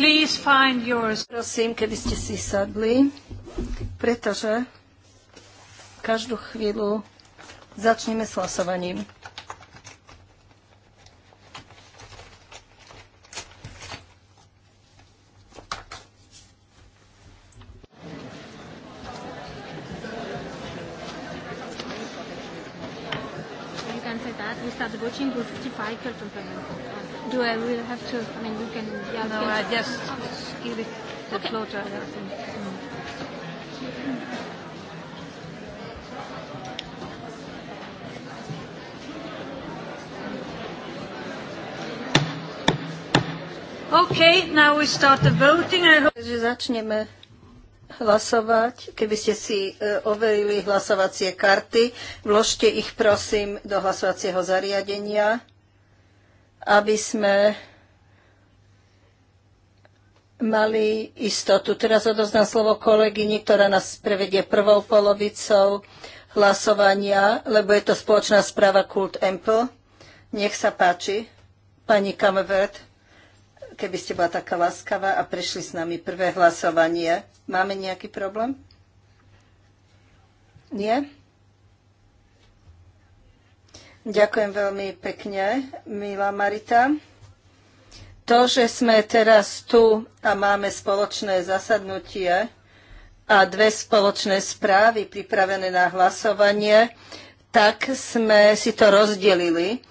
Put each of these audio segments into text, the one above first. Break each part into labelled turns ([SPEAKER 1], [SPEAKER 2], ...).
[SPEAKER 1] Please find yours. Prosím, keby ste si sadli, pretože každú chvíľu začneme s hlasovaním. You can say that we start watching with 55 Do
[SPEAKER 2] I really have to give it the okay. floor to her.
[SPEAKER 1] Okay, now we start the voting. I hope... Takže začneme hlasovať. Keby ste si e, overili hlasovacie karty, vložte ich prosím do hlasovacieho zariadenia, aby sme mali istotu. Teraz odoznám slovo kolegyni, ktorá nás prevedie prvou polovicou hlasovania, lebo je to spoločná správa Kult Ample. Nech sa páči, pani Kamevert, keby ste bola taká láskavá a prešli s nami prvé hlasovanie. Máme nejaký problém? Nie? Ďakujem veľmi pekne, milá Marita. To, že sme teraz tu a máme spoločné zasadnutie a dve spoločné správy pripravené na hlasovanie, tak sme si to rozdelili.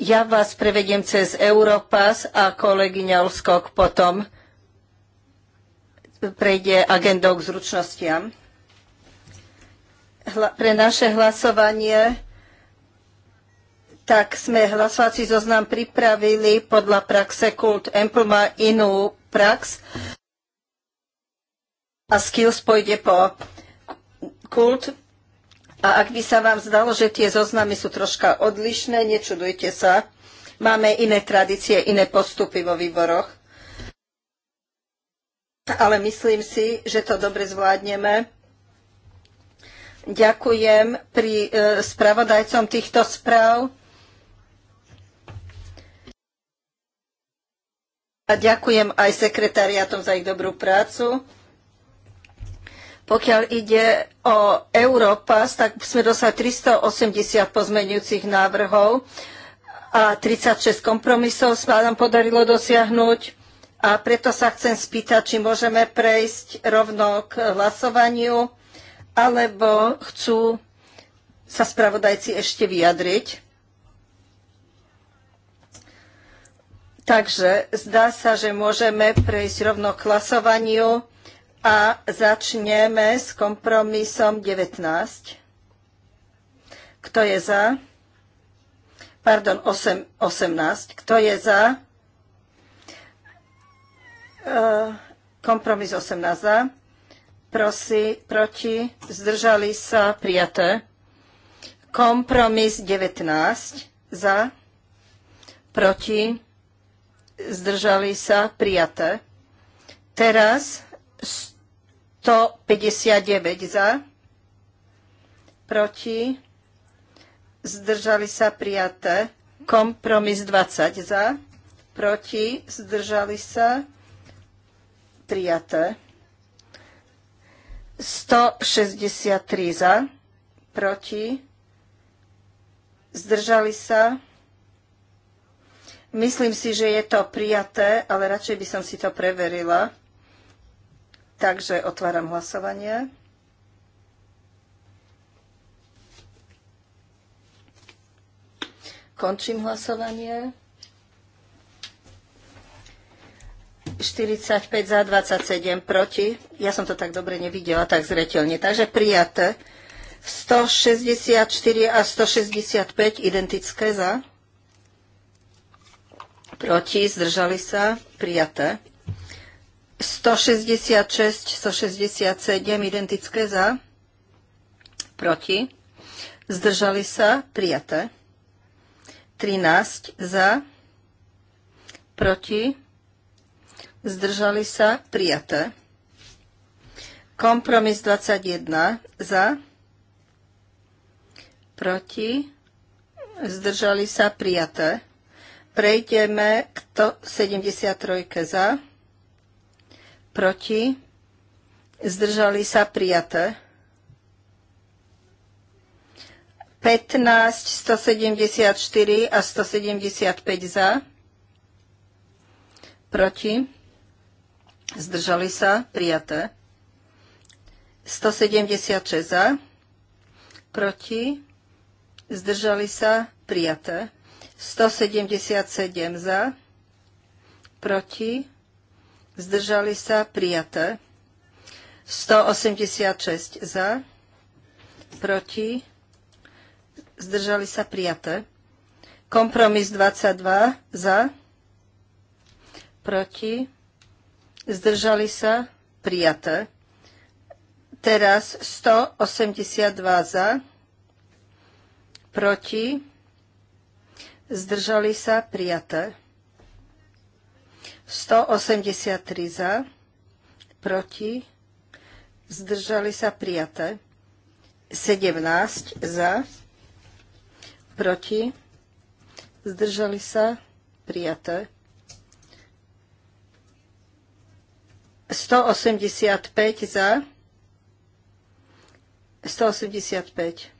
[SPEAKER 1] Ja vás prevediem cez Europass a kolegyňa Olskok potom prejde agendou k zručnostiam. Hla, pre naše hlasovanie tak sme hlasovací zoznam pripravili podľa praxe Kult Ample má inú prax a Skills pôjde po Kult. A ak by sa vám zdalo, že tie zoznamy sú troška odlišné, nečudujte sa. Máme iné tradície, iné postupy vo výboroch. Ale myslím si, že to dobre zvládneme. Ďakujem pri e, spravodajcom týchto správ A ďakujem aj sekretariatom za ich dobrú prácu. Pokiaľ ide o Európas, tak sme dosahli 380 pozmeňujúcich návrhov a 36 kompromisov sa nám podarilo dosiahnuť. A preto sa chcem spýtať, či môžeme prejsť rovno k hlasovaniu, alebo chcú sa spravodajci ešte vyjadriť. Takže zdá sa, že môžeme prejsť rovno k hlasovaniu a začneme s kompromisom 19. Kto je za? Pardon, 8, 18. Kto je za? Eh, kompromis 18 za. Prosi, proti, zdržali sa, prijaté. Kompromis 19 za, proti, zdržali sa, prijaté. Teraz 159 za, proti, zdržali sa, prijaté. Kompromis 20 za, proti, zdržali sa, prijaté. 163 za, proti, zdržali sa, Myslím si, že je to prijaté, ale radšej by som si to preverila. Takže otváram hlasovanie. Končím hlasovanie. 45 za 27 proti. Ja som to tak dobre nevidela, tak zretelne. Takže prijaté. 164 a 165 identické za proti, zdržali sa, prijaté. 166, 167, identické za, proti, zdržali sa, prijaté. 13 za, proti, zdržali sa, prijaté. Kompromis 21 za, proti, zdržali sa, prijaté. Prejdeme k 73 za, proti, zdržali sa prijaté. 15, 174 a 175 za, proti, zdržali sa prijaté. 176 za, proti, zdržali sa prijaté. 177 za, proti, zdržali sa, prijaté. 186 za, proti, zdržali sa, prijaté. Kompromis 22 za, proti, zdržali sa, prijaté. Teraz 182 za, proti, zdržali sa, prijaté. 183 za, proti, zdržali sa, prijaté. 17 za, proti, zdržali sa, prijaté. 185 za, 185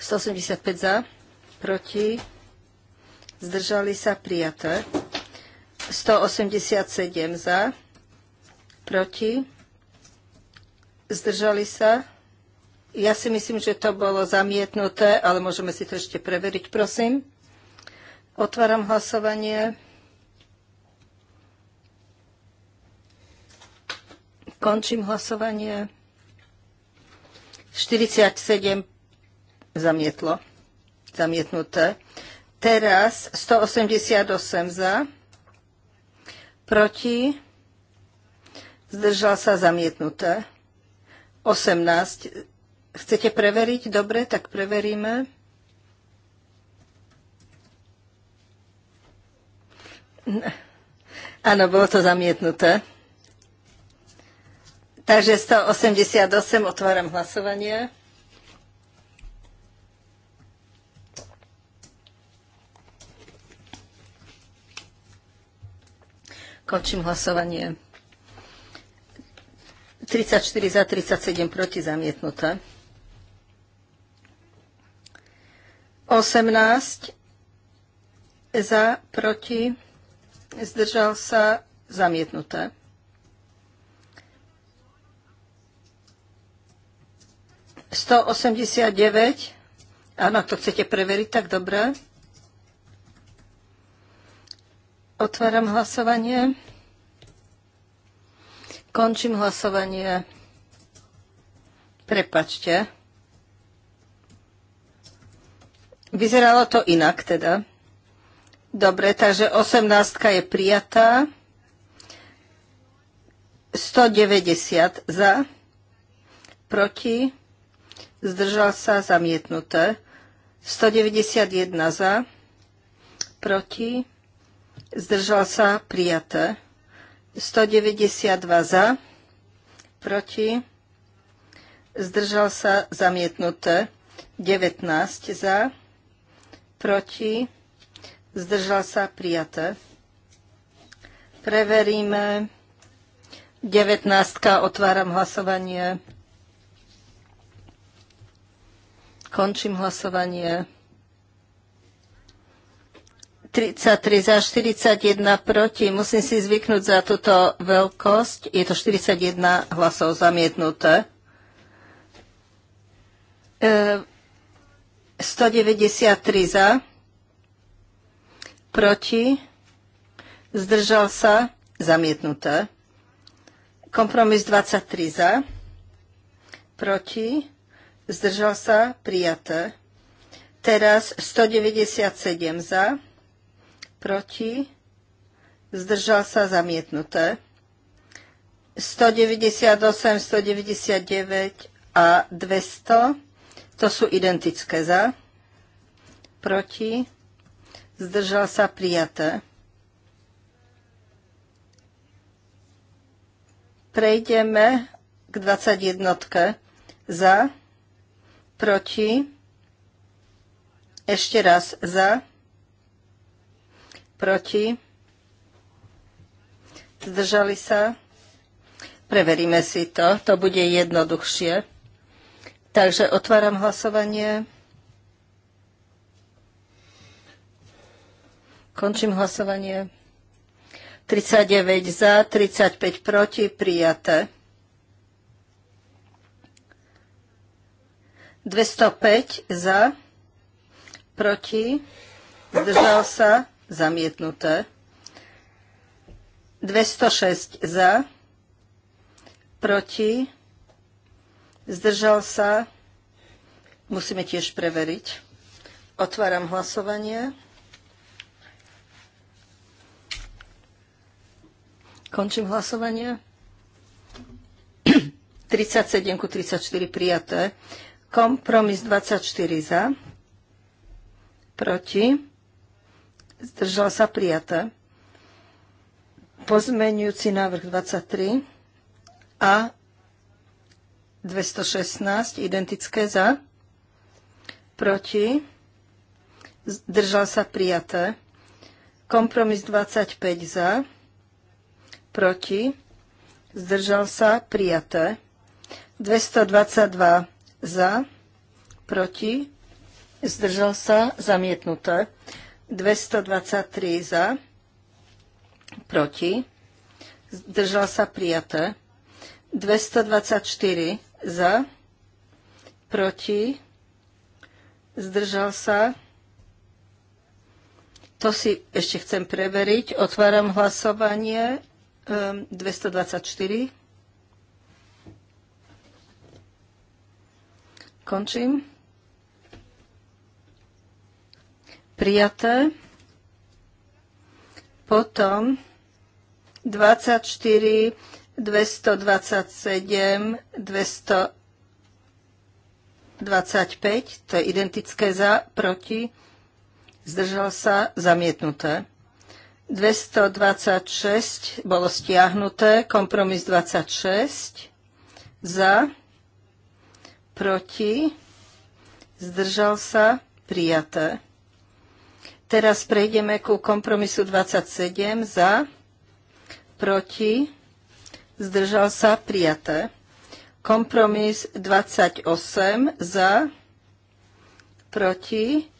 [SPEAKER 1] 185 za, proti, zdržali sa prijaté. 187 za, proti, zdržali sa. Ja si myslím, že to bolo zamietnuté, ale môžeme si to ešte preveriť, prosím. Otváram hlasovanie. Končím hlasovanie. 47 zamietlo, zamietnuté. Teraz 188 za, proti, zdržal sa zamietnuté. 18. Chcete preveriť? Dobre, tak preveríme. Áno, bolo to zamietnuté. Takže 188, otváram hlasovanie. Končím hlasovanie. 34 za, 37 proti zamietnuté. 18 za, proti, zdržal sa, zamietnuté. 189 Áno, to chcete preveriť, tak dobré. Otváram hlasovanie. Končím hlasovanie. Prepačte. Vyzeralo to inak teda. Dobre, takže 18 je prijatá. 190 za, proti, zdržal sa, zamietnuté. 191 za, proti, zdržal sa, prijaté. 192 za, proti, zdržal sa, zamietnuté. 19 za, proti, zdržal sa, prijaté. Preveríme. 19. Otváram hlasovanie. Končím hlasovanie. 33 za 41 proti. Musím si zvyknúť za túto veľkosť. Je to 41 hlasov zamietnuté. 193 e, za. Proti. Zdržal sa. Zamietnuté. Kompromis 23 za. Proti. Zdržal sa. Prijaté. Teraz 197 za proti, zdržal sa zamietnuté. 198, 199 a 200, to sú identické za, proti, zdržal sa prijaté. Prejdeme k 21. Za, proti, ešte raz za, proti, zdržali sa. Preveríme si to, to bude jednoduchšie. Takže otváram hlasovanie. Končím hlasovanie. 39 za, 35 proti, prijaté. 205 za, proti, zdržal sa, zamietnuté. 206 za, proti, zdržal sa, musíme tiež preveriť. Otváram hlasovanie. Končím hlasovanie. 37 ku 34 prijaté. Kompromis 24 za. Proti zdržal sa prijaté. pozmeňujúci návrh 23 a 216 identické za, proti, zdržal sa prijaté. Kompromis 25 za, proti, zdržal sa prijaté. 222 za, proti, zdržal sa zamietnuté. 223 za, proti, zdržal sa prijaté. 224 za, proti, zdržal sa. To si ešte chcem preveriť. Otváram hlasovanie 224. Ehm, Končím. prijaté. Potom 24, 227, 225, to je identické za, proti, zdržal sa, zamietnuté. 226 bolo stiahnuté, kompromis 26 za, proti, zdržal sa, prijaté. Teraz prejdeme ku kompromisu 27 za, proti, zdržal sa, prijaté. Kompromis 28 za, proti,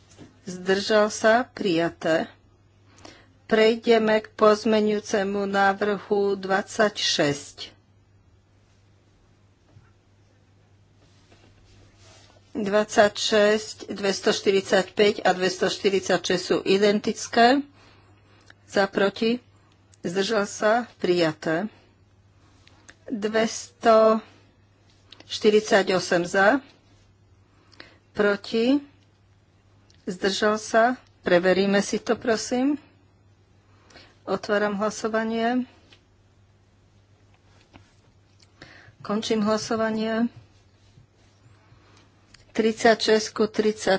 [SPEAKER 1] zdržal sa, prijaté. Prejdeme k pozmenujúcemu návrhu 26. 26, 245 a 246 sú identické. Za proti. Zdržal sa. Prijaté. 248 za. Proti. Zdržal sa. Preveríme si to, prosím. Otváram hlasovanie. Končím hlasovanie. 36 ku 37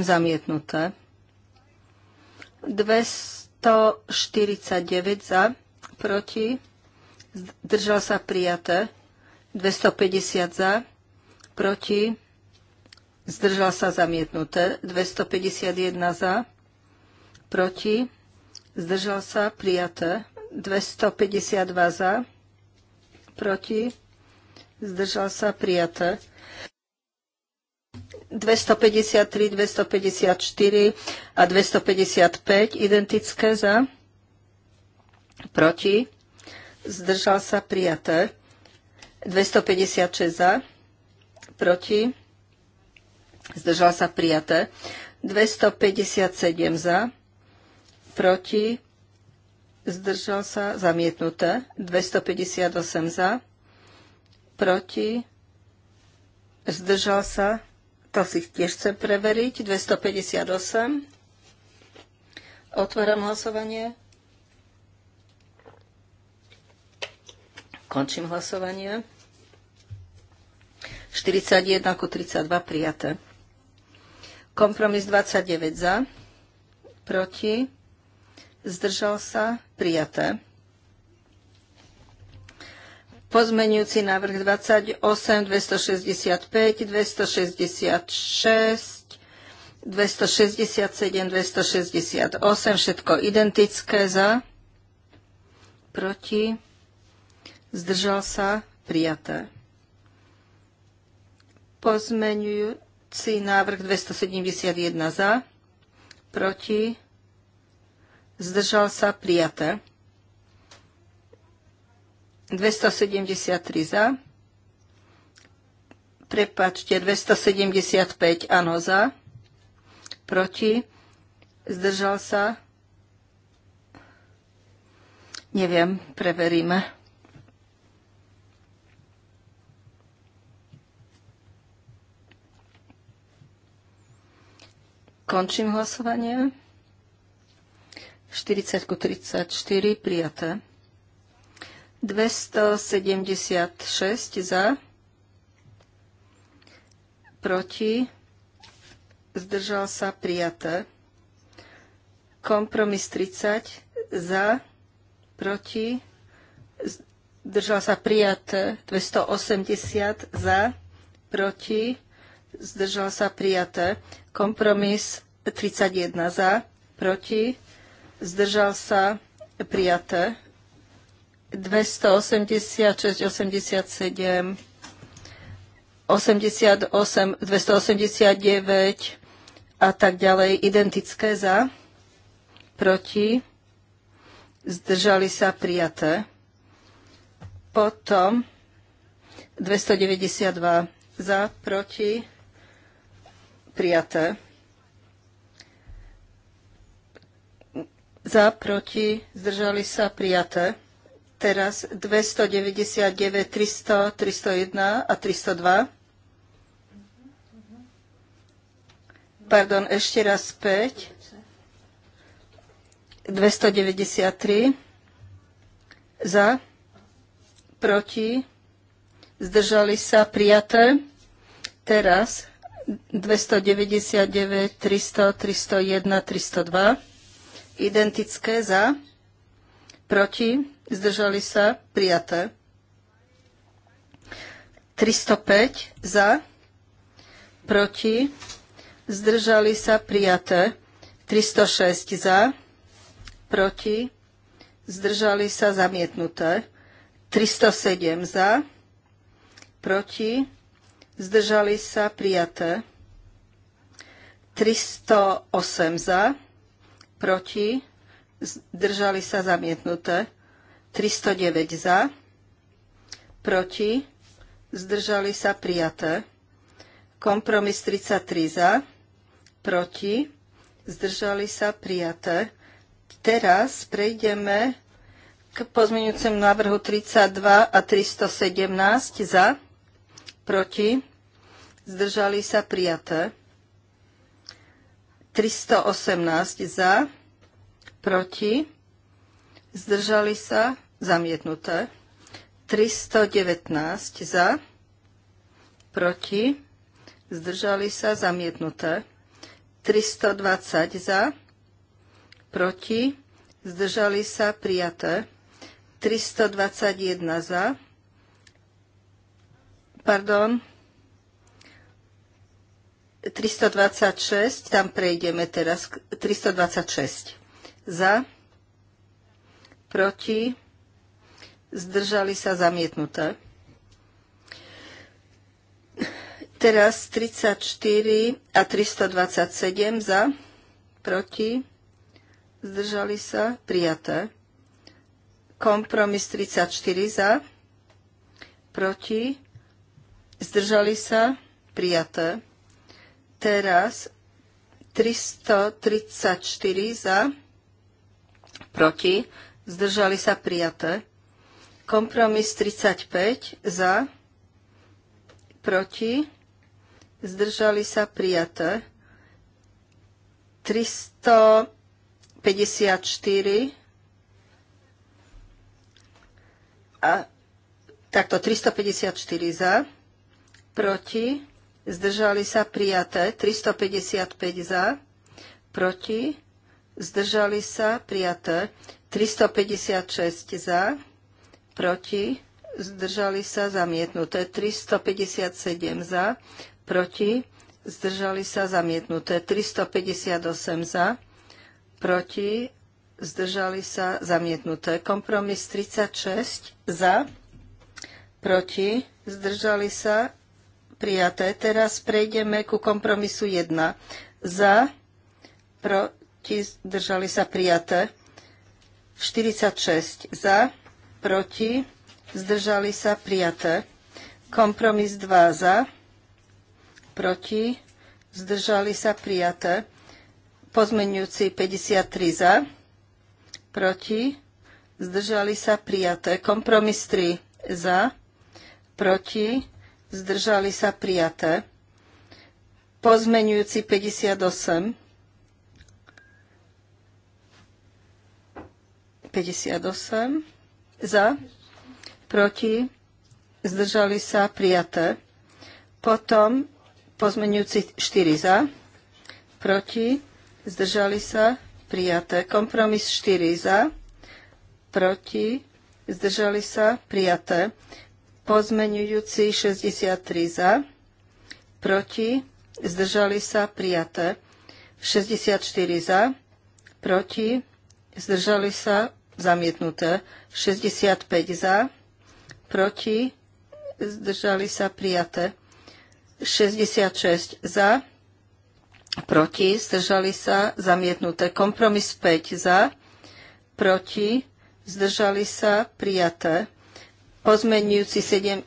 [SPEAKER 1] zamietnuté. 249 za, proti, zdržal sa prijaté. 250 za, proti, zdržal sa zamietnuté. 251 za, proti, zdržal sa prijaté. 252 za, proti, zdržal sa prijaté. 253, 254 a 255 identické za, proti, zdržal sa prijaté. 256 za, proti, zdržal sa prijaté. 257 za, proti, zdržal sa zamietnuté. 258 za, proti, zdržal sa to si tiež chcem preveriť. 258. Otváram hlasovanie. Končím hlasovanie. 41 ku 32 prijaté. Kompromis 29 za, proti, zdržal sa, prijaté. Pozmenujúci návrh 28, 265, 266, 267, 268, všetko identické za, proti, zdržal sa, prijaté. Pozmenujúci návrh 271 za, proti, zdržal sa, prijaté. 273 za. Prepačte, 275 áno za. Proti. Zdržal sa. Neviem, preveríme. Končím hlasovanie. 40 ku 34 prijaté. 276 za, proti, zdržal sa prijaté. Kompromis 30 za, proti, zdržal sa prijaté. 280 za, proti, zdržal sa prijaté. Kompromis 31 za, proti, zdržal sa prijaté. 286, 87, 88, 289 a tak ďalej identické za, proti, zdržali sa prijaté. Potom 292 za, proti, prijaté. Za, proti, zdržali sa prijaté. Teraz 299, 300, 301 a 302. Pardon, ešte raz späť. 293 za, proti, zdržali sa, prijaté. Teraz 299, 300, 301, 302. Identické za, proti, zdržali sa, prijaté. 305 za, proti, zdržali sa, prijaté. 306 za, proti, zdržali sa, zamietnuté. 307 za, proti, zdržali sa, prijaté. 308 za, proti, zdržali sa, zamietnuté. 309 za, proti, zdržali sa prijaté. Kompromis 33 za, proti, zdržali sa prijaté. Teraz prejdeme k pozmeňujúcemu návrhu 32 a 317 za, proti, zdržali sa prijaté. 318 za, proti, zdržali sa, zamietnuté. 319 za, proti, zdržali sa, zamietnuté. 320 za, proti, zdržali sa, prijaté. 321 za, pardon, 326, tam prejdeme teraz, 326 za, proti, zdržali sa zamietnuté. Teraz 34 a 327 za, proti, zdržali sa, prijaté. Kompromis 34 za, proti, zdržali sa, prijaté. Teraz 334 za, proti, zdržali sa prijaté. Kompromis 35 za, proti, zdržali sa prijaté. 354 a takto 354 za, proti, zdržali sa prijaté, 355 za, proti, zdržali sa prijaté, 356 za, proti, zdržali sa zamietnuté. 357 za, proti, zdržali sa zamietnuté. 358 za, proti, zdržali sa zamietnuté. Kompromis 36 za, proti, zdržali sa prijaté. Teraz prejdeme ku kompromisu 1. Za, proti, zdržali sa prijaté. 46 za, proti, zdržali sa prijaté. Kompromis 2 za, proti, zdržali sa prijaté. Pozmenujúci 53 za, proti, zdržali sa prijaté. Kompromis 3 za, proti, zdržali sa prijaté. Pozmenujúci 58 58 za, proti, zdržali sa, prijaté. Potom pozmenujúci 4 za, proti, zdržali sa, prijaté. Kompromis 4 za, proti, zdržali sa, prijaté. Pozmenujúci 63 za, proti, zdržali sa, prijaté. 64 za, proti, zdržali sa, zamietnuté. 65 za, proti, zdržali sa prijaté. 66 za, proti, zdržali sa zamietnuté. Kompromis 5 za, proti, zdržali sa prijaté. Pozmenujúci 7,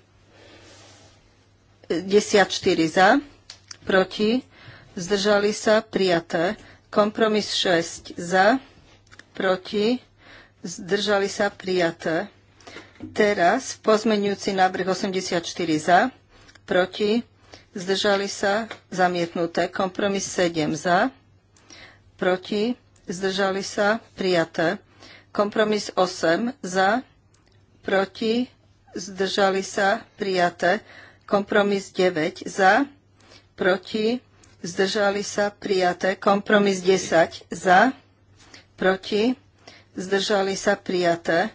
[SPEAKER 1] 14 za, proti, zdržali sa prijaté. Kompromis 6 za, proti, zdržali sa prijaté. Teraz pozmenujúci návrh 84 za, proti, zdržali sa zamietnuté. Kompromis 7 za, proti, zdržali sa prijaté. Kompromis 8 za, proti, zdržali sa prijaté. Kompromis 9 za, proti, zdržali sa prijaté. Kompromis 10 za, proti, zdržali sa prijaté.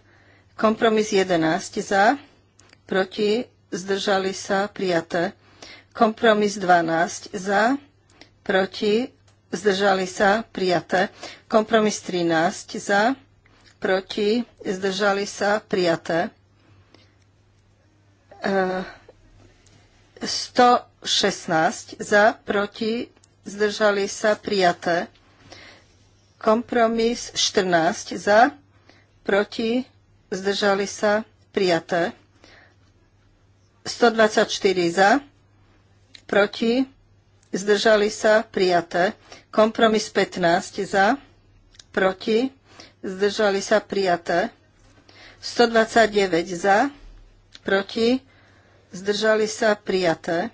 [SPEAKER 1] Kompromis 11 za, proti, zdržali sa prijaté. Kompromis 12 za, proti, zdržali sa prijaté. Kompromis 13 za, proti, zdržali sa prijaté. 116 e, za, proti, zdržali sa prijaté. Kompromis 14 za, proti, zdržali sa, prijaté. 124 za, proti, zdržali sa, prijaté. Kompromis 15 za, proti, zdržali sa, prijaté. 129 za, proti, zdržali sa, prijaté.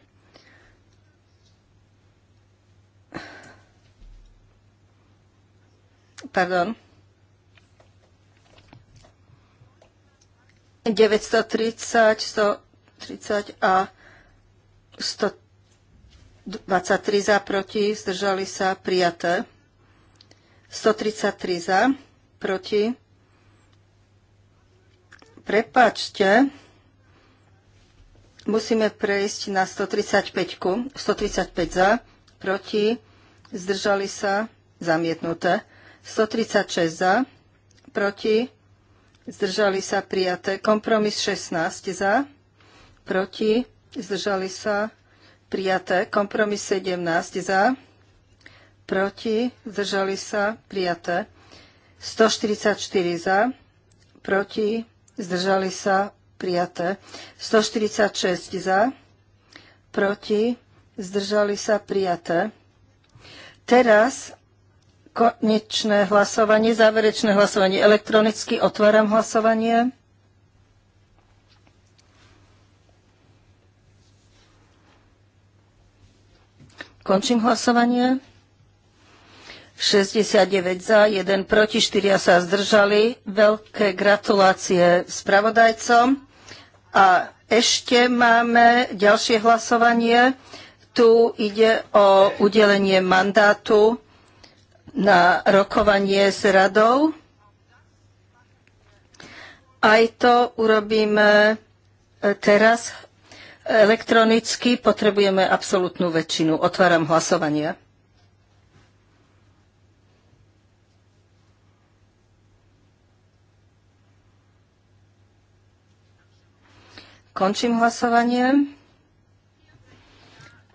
[SPEAKER 1] pardon, 930, 130 a 123 za proti, zdržali sa prijaté. 133 za proti. Prepačte, musíme prejsť na 135. 135 za proti, zdržali sa zamietnuté. 136 za, proti, zdržali sa prijaté. Kompromis 16 za, proti, zdržali sa prijaté. Kompromis 17 za, proti, zdržali sa prijaté. 144 za, proti, zdržali sa prijaté. 146 za, proti, zdržali sa prijaté. Teraz konečné hlasovanie, záverečné hlasovanie elektronicky. Otváram hlasovanie. Končím hlasovanie. 69 za, 1 proti, 4 sa zdržali. Veľké gratulácie spravodajcom. A ešte máme ďalšie hlasovanie. Tu ide o udelenie mandátu na rokovanie s radou. Aj to urobíme e, teraz elektronicky. Potrebujeme absolútnu väčšinu. Otváram hlasovanie. Končím hlasovanie.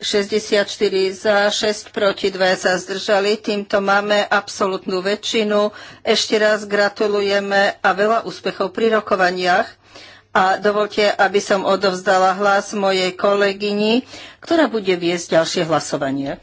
[SPEAKER 1] 64 za, 6 proti, 2 sa zdržali. Týmto máme absolútnu väčšinu. Ešte raz gratulujeme a veľa úspechov pri rokovaniach. A dovolte, aby som odovzdala hlas mojej kolegyni, ktorá bude viesť ďalšie hlasovanie.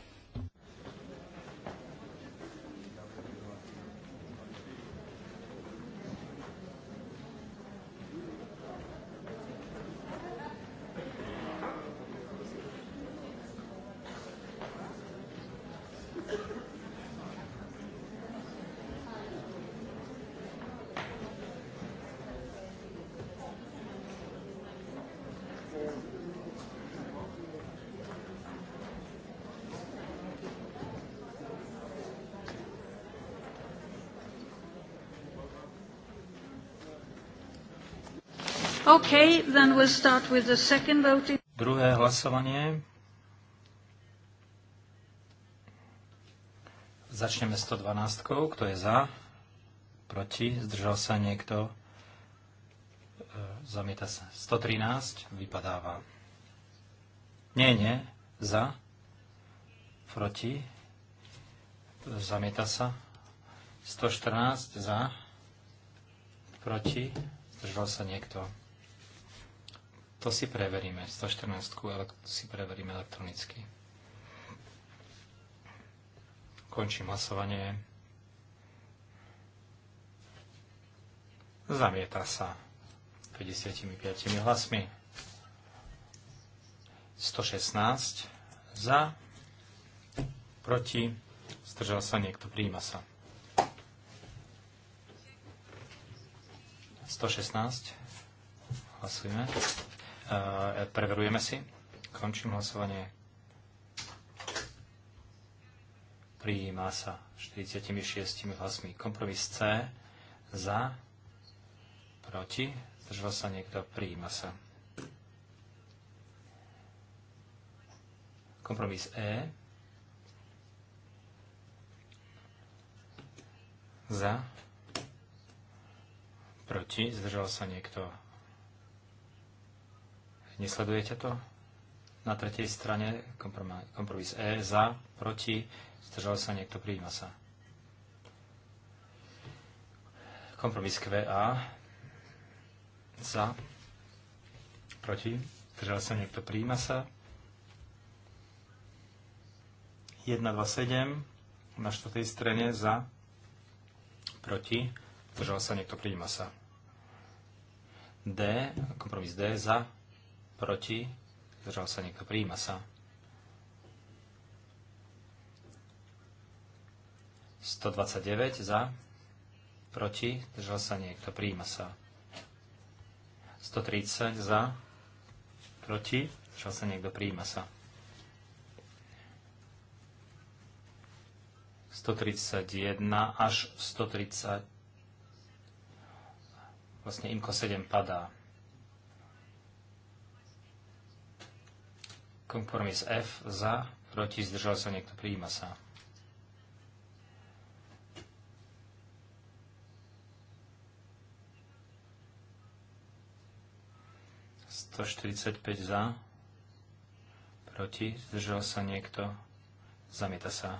[SPEAKER 1] Okay, then we'll start with the second voting.
[SPEAKER 3] Druhé hlasovanie. Začneme 112. Kto je za? Proti? Zdržal sa niekto? E, zamieta sa. 113. Vypadáva. Nie, nie. Za? Proti? Zamieta sa. 114. Za? Proti? Zdržal sa niekto? To si preveríme. 114 si preveríme elektronicky. Končím hlasovanie. Zamieta sa 55 hlasmi. 116 za, proti, zdržal sa niekto, príjima sa. 116, hlasujeme. E, preverujeme si. Končím hlasovanie. Prijíma sa 46 hlasmi. Kompromis C. Za. Proti. Zdržal sa niekto. Prijíma sa. Kompromis E. Za. Proti. Zdržal sa niekto. Nesledujete to? Na tretej strane kompromis E za, proti, zdržal sa niekto, prijíma sa. Kompromis QA za, proti, zdržal sa niekto, prijíma sa. 127 na štvrtej strane za, proti, zdržal sa niekto, prijíma sa. D, kompromis D za, proti, zdržal sa niekto, prijíma sa. 129 za, proti, zdržal sa niekto, prijíma sa. 130 za, proti, zdržal sa niekto, prijíma sa. 131 až 130, vlastne imko 7 padá. Kompromis F za, proti, zdržal sa niekto, prijíma sa. Sto za, proti, zdržal sa niekto, zamieta sa.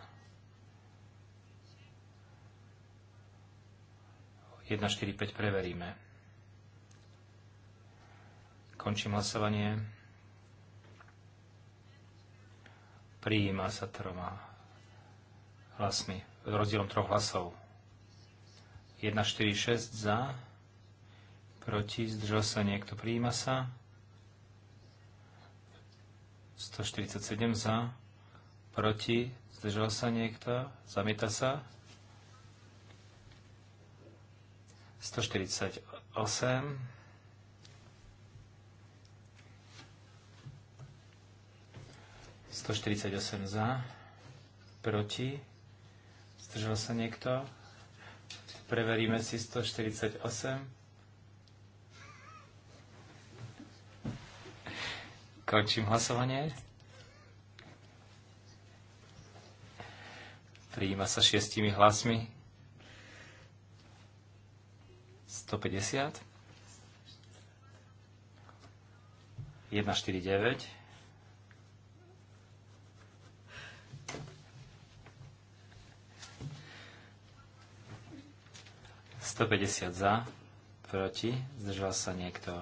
[SPEAKER 3] 1.4.5 preveríme. Končím hlasovanie. Prijíma sa troma hlasmi, rozdielom troch hlasov. 1, 4, 6 za, proti, zdržal sa niekto, prijíma sa. 147 za, proti, zdržal sa niekto, zamieta sa. 148 148 za, proti, zdržal sa niekto. Preveríme si 148. Končím hlasovanie. Prijíma sa šiestimi hlasmi. 150. 149. 150 za, proti, zdržal sa niekto.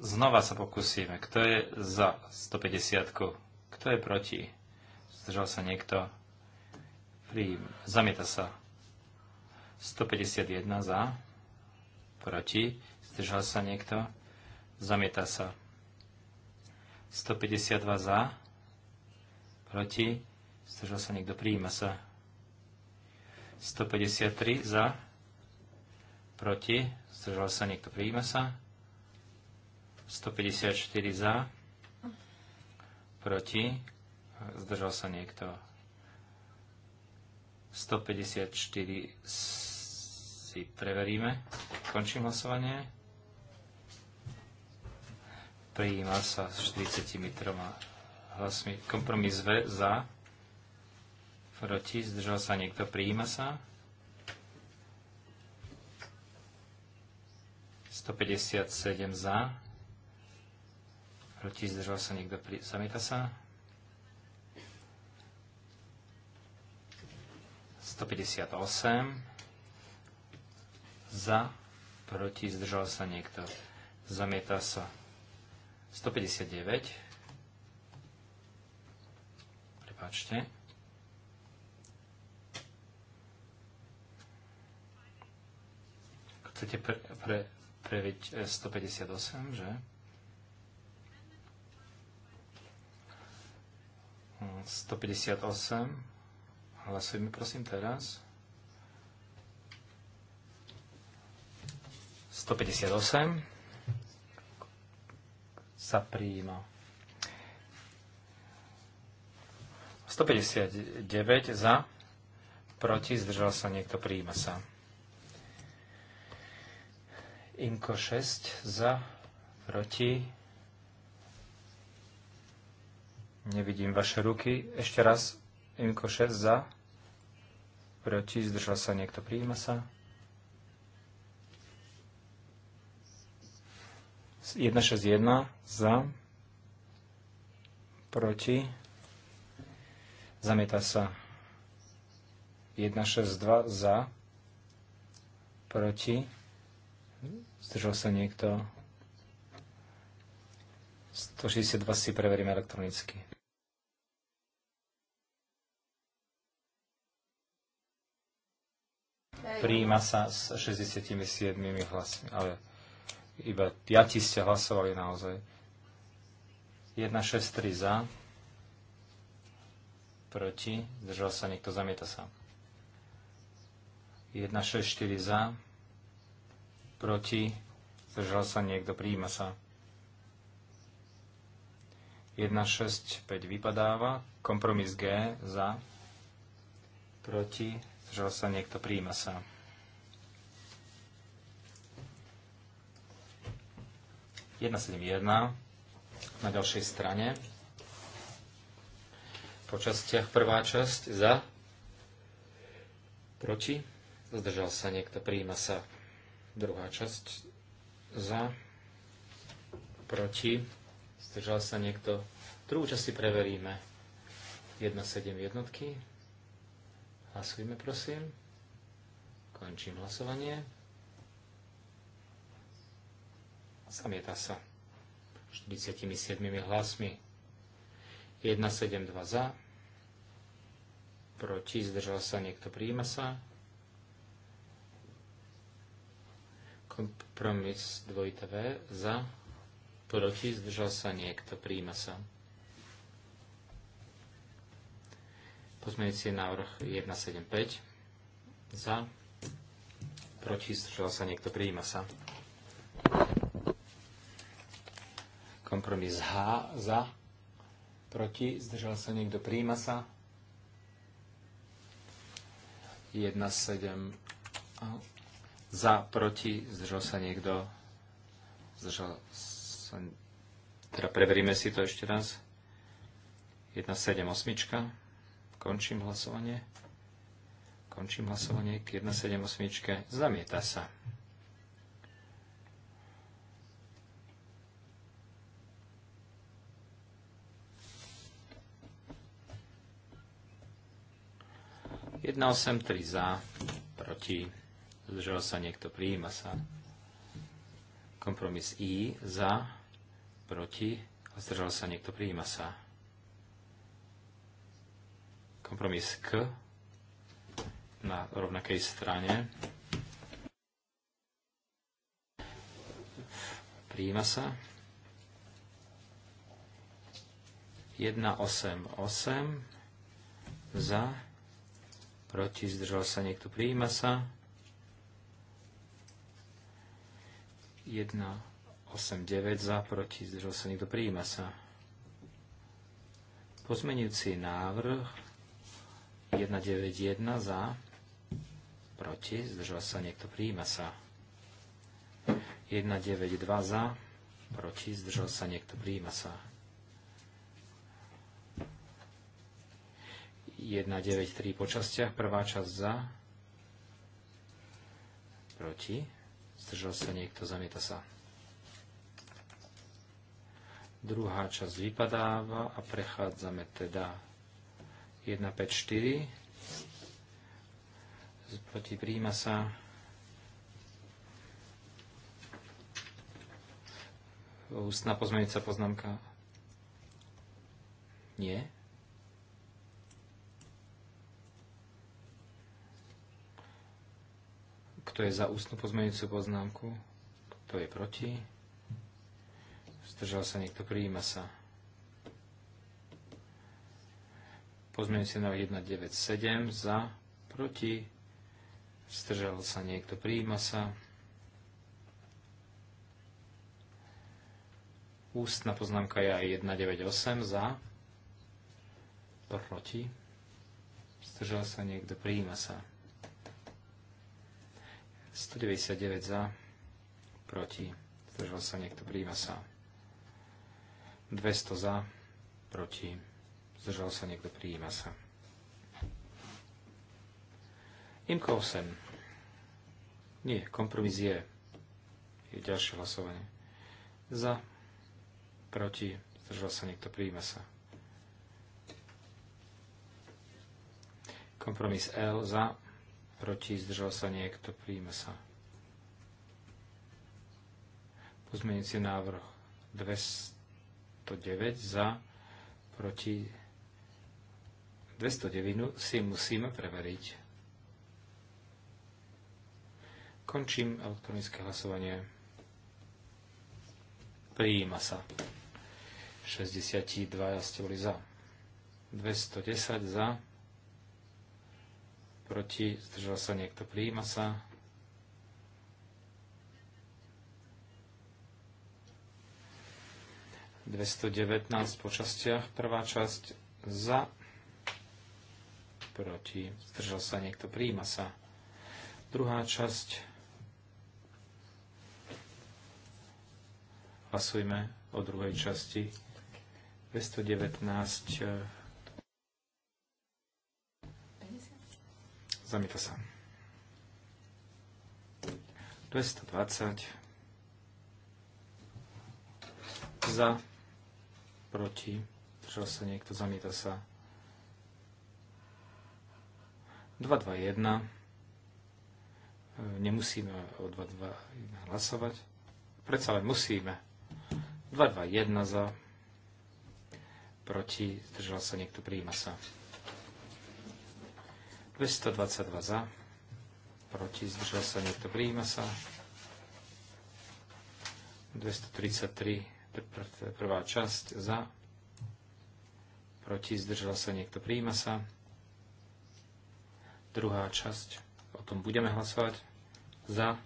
[SPEAKER 3] Znova sa pokúsime. Kto je za 150? Kto je proti? Zdržal sa niekto? Príjim. Zamieta sa. 151 za. Proti. Zdržal sa niekto? Zamieta sa. 152 za. Proti. Zdržal sa niekto? Prijíma sa. 153 za. Proti. Zdržal sa niekto? Prijíma sa. 154 za. Proti. Zdržal sa niekto? 154 si preveríme. Končím hlasovanie. Prijíma sa s 43 hlasmi. Kompromis V za proti, zdržal sa niekto, prijíma sa. 157 za, proti, zdržal sa niekto, zamieta sa. 158 za, proti, zdržal sa niekto, zamieta sa. 159 prepáčte. Chcete pre, pre, previť 158, e, že? 158. Hm, Hlasujme prosím teraz. 158 sa prijíma. 159 za, proti, zdržal sa niekto, prijíma sa. Inko 6 za, proti. Nevidím vaše ruky. Ešte raz. Inko 6 za, proti. Zdržal sa niekto, prijíma sa. 161 za, proti. Zamieta sa. 162 za, proti Zdržal sa niekto? 162 si preveríme elektronicky. Príjima sa s 67 hlasmi, ale iba 5 ste hlasovali naozaj. 163 za, proti, zdržal sa niekto, zamieta sa. 164 za, proti, zdržal sa niekto, príjima sa. 5 vypadáva, kompromis G za, proti, zdržal sa niekto, príjima sa. Jedna jedna na ďalšej strane. Po častiach prvá časť za, proti, zdržal sa niekto, príjima sa. Druhá časť za, proti, zdržal sa niekto. Druhú časť si preveríme. 1,7 jednotky. Hlasujme, prosím. Končím hlasovanie. Zamieta sa. 47 hlasmi. 1,7,2 za. Proti, zdržal sa niekto, príjima sa. Kompromis dvojité V za, proti, zdržal sa niekto, príjima sa. Pozmeňujúci návrh 175 za, proti, zdržal sa niekto, príjima sa. Kompromis H za, proti, zdržal sa niekto, príjima sa. 1, 7, za, proti, zdržal sa niekto, zdržal sa, teda preveríme si to ešte raz, 1, 7, 8, končím hlasovanie, končím hlasovanie k 1, 7, 8, zamieta sa. Jedna osem, tri za, proti zdržal sa niekto, prijíma sa. Kompromis I za, proti, zdržal sa niekto, prijíma sa. Kompromis K na rovnakej strane. Prijíma sa. 188 za, proti, zdržal sa niekto, prijíma sa. 1, 9 za, proti, zdržal sa nikto, prijíma sa. Pozmenujúci návrh 1, 9, 1 za, proti, zdržal sa niekto, prijíma sa. 1, za, proti, zdržal sa niekto, prijíma sa. 1, 9, 3 po častiach, prvá časť za, proti, Zdržal sa niekto, zamieta sa. Druhá časť vypadáva a prechádzame teda 1 4. Proti príjma sa. Ústna pozmenica poznámka. Nie. Kto je za ústnu pozmeňujúcu poznámku? Kto je proti? Zdržal sa niekto, prijíma sa. Pozmeňujúci návrh 197 za, proti, zdržal sa niekto, prijíma sa. Ústna poznámka je aj 198 za, proti, zdržal sa niekto, prijíma sa. 199 za, proti, zdržal sa niekto, príjma sa. 200 za, proti, zdržal sa niekto, príjma sa. Imko 8. Nie, kompromis je. Je ďalšie hlasovanie. Za, proti, zdržal sa niekto, príjma sa. Kompromis L za, proti, zdržal sa niekto, príjme sa. Pozmeňujúci návrh 209 za, proti 209 si musíme preveriť. Končím elektronické hlasovanie. Prijíma sa. 62 ste boli za. 210 za proti, zdržal sa niekto, prijíma sa. Dvesto po častiach, prvá časť za, proti, zdržal sa niekto, prijíma sa. Druhá časť, hlasujme o druhej časti, 219 Zamieta sa. 220 za, proti, držal sa niekto, zamieta sa. 221 e, nemusíme o 221 hlasovať. Predsa len musíme. 221 za, proti, zdržal sa niekto, prijíma sa. 222 za, proti, zdržal sa niekto, prijíma sa. 233, prvá časť, za, proti, zdržal sa niekto, prijíma sa. Druhá časť, o tom budeme hlasovať, za,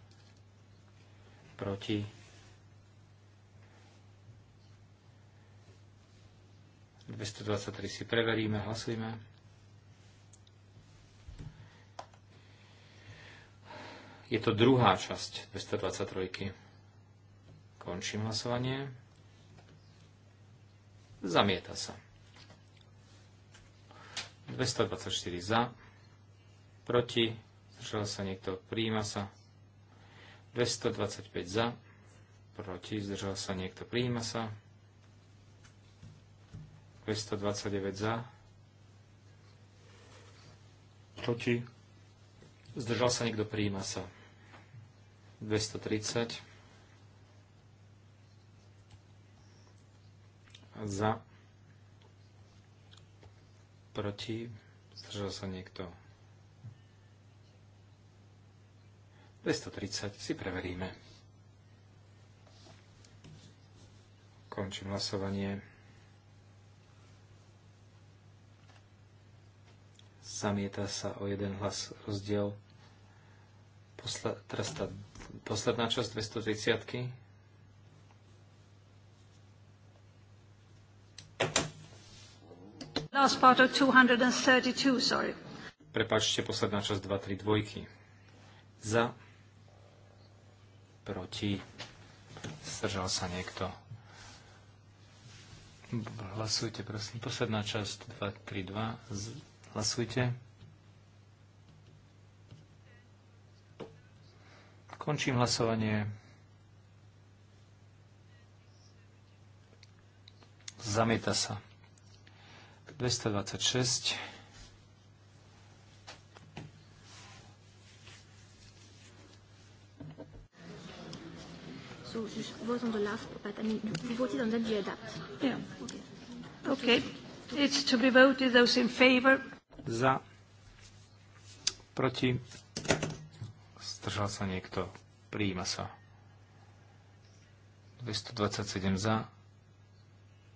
[SPEAKER 3] proti, 223 si preveríme, hlasujeme. Je to druhá časť 223. Končím hlasovanie. Zamieta sa. 224 za. Proti. Zdržal sa niekto. Príjima sa. 225 za. Proti. Zdržal sa niekto. Príjima sa. 229 za. Proti. Zdržal sa niekto. Príjima sa. 230 za proti zdržal sa niekto 230 si preveríme končím hlasovanie zamieta sa o jeden hlas rozdiel Posle, teraz tá posledná časť 230.
[SPEAKER 1] Last part of 232, sorry.
[SPEAKER 3] Prepačte, posledná časť 232. Za, proti, zdržal sa niekto. Hlasujte, prosím. Posledná časť 232. Hlasujte. Končím hlasovanie. Zamieta sa. 226.
[SPEAKER 1] So vote on the last, but I mean, you voted on adapt. Yeah. Okay. okay. It's to be voted, those in favor.
[SPEAKER 3] Za. Proti Zdržal sa niekto? Prijíma sa. 227 za.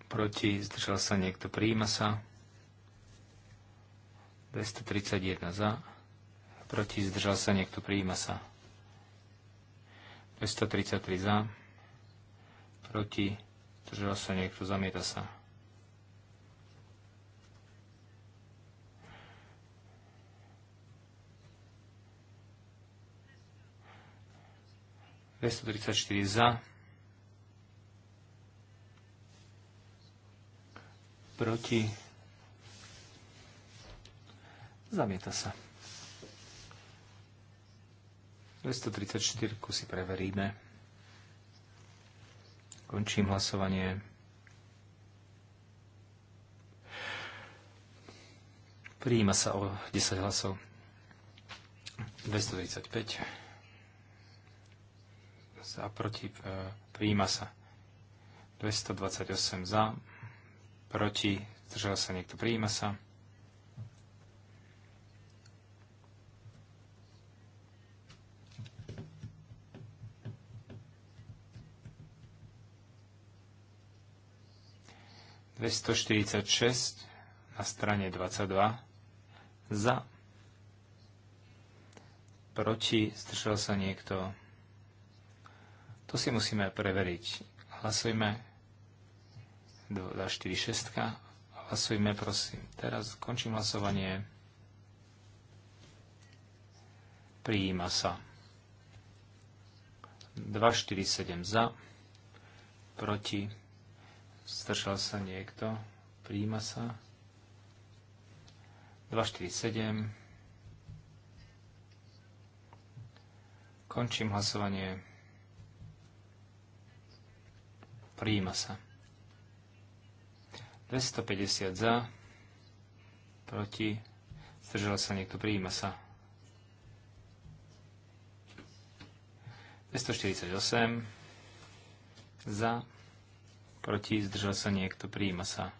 [SPEAKER 3] Proti? Zdržal sa niekto? Prijíma sa. 231 za. Proti? Zdržal sa niekto? Prijíma sa. 233 za. Proti? Zdržal sa niekto? Zamieta sa. 234 za, proti, zamieta sa. 234 si preveríme. Končím hlasovanie. Prijíma sa o 10 hlasov. 235 za, proti, e, príjima sa. 228 za, proti, zdržal sa niekto, príjima sa. 246 na strane 22 za proti zdržal sa niekto to si musíme preveriť. Hlasujme. 2, 4, 6. Hlasujme, prosím. Teraz končím hlasovanie. Prijíma sa. 2, 4, 7 za. Proti. Zdržal sa niekto. Prijíma sa. 2, 4, 7. Končím hlasovanie. Príjima sa. 250 za. Proti. Zdržal sa niekto. Príjima sa. 248 za. Proti. Zdržal sa niekto. Príjima sa.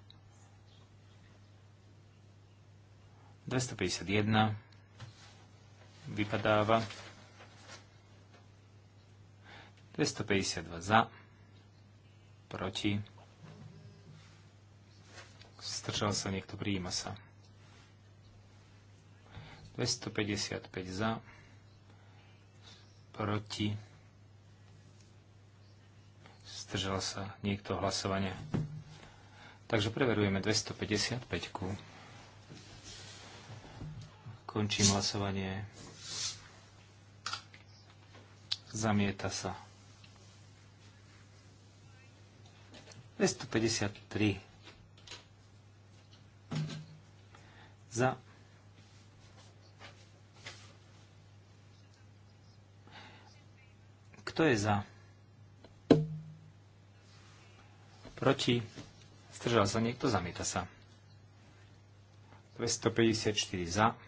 [SPEAKER 3] 251 vypadáva. 252 za proti, zdržal sa niekto, prijíma sa. 255 za, proti, zdržal sa niekto hlasovanie, Takže preverujeme 255. -ku. Končím hlasovanie. Zamieta sa. 253 za Kto je za? Proti? stržal sa niekto? Zamieta sa. 254 za.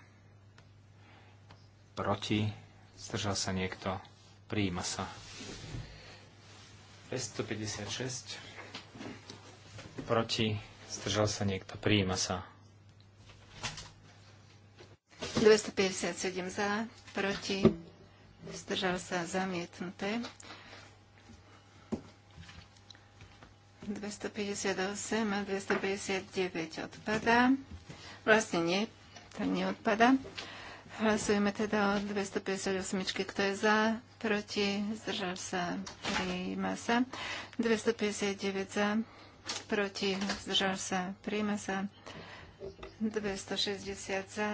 [SPEAKER 3] Proti? stržal sa niekto? Prijíma sa. 256 proti, zdržal sa niekto, prijíma sa.
[SPEAKER 2] 257 za, proti, zdržal sa zamietnuté. 258 a 259 odpadá. Vlastne nie, to neodpadá. Hlasujeme teda o 258, kto je za, proti, zdržal sa, prijíma sa. 259 za, proti, zdržal sa, príjma sa. 260 za,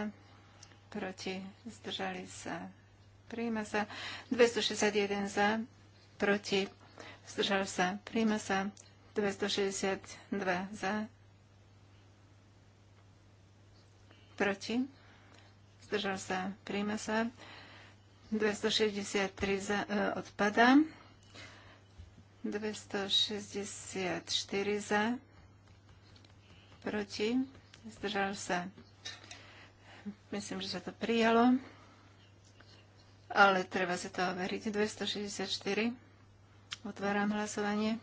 [SPEAKER 2] proti, zdržali sa, príjma sa. 261 za, proti, zdržal sa, príjma sa. 262 za, proti, zdržal sa, príjma sa. 263 za, e, odpada. 264 za, proti, zdržal sa. Myslím, že sa to prijalo, ale treba sa to overiť. 264. Otváram hlasovanie.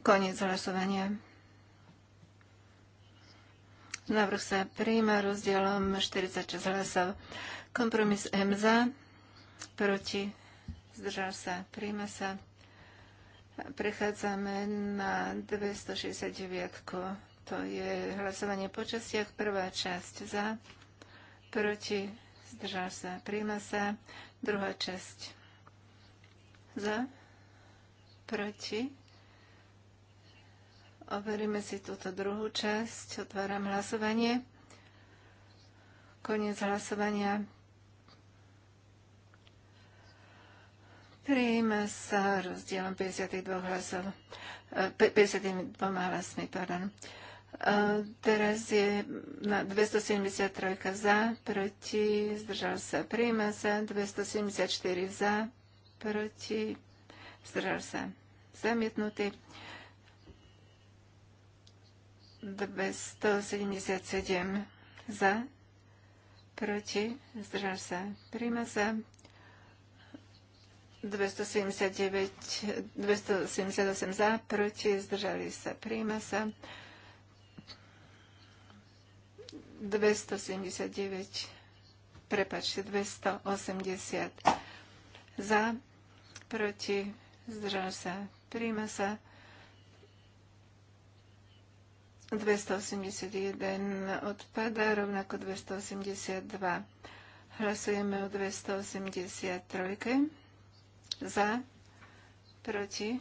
[SPEAKER 2] Koniec hlasovania. Návrh sa príjma rozdielom 46 hlasov. Kompromis M za, proti zdržal sa, príjma sa. Prechádzame na 269. To je hlasovanie po častiach. Prvá časť za, proti, zdržal sa, príjma sa. Druhá časť za, proti. Overíme si túto druhú časť. Otváram hlasovanie. Koniec hlasovania Prijíma sa rozdielom 52 hlasov, 52 e, hlasmi, pardon. E, teraz je na 273 za, proti, zdržal sa, prijíma sa, 274 za, proti, zdržal sa, zamietnutý, 277 za, proti, zdržal sa, prijíma sa, 279, 278 za, proti, zdržali sa, príjma sa. 279, prepačte, 280 za, proti, zdržal sa, príjma sa. 281 odpada, rovnako 282. Hlasujeme o 283 za, proti,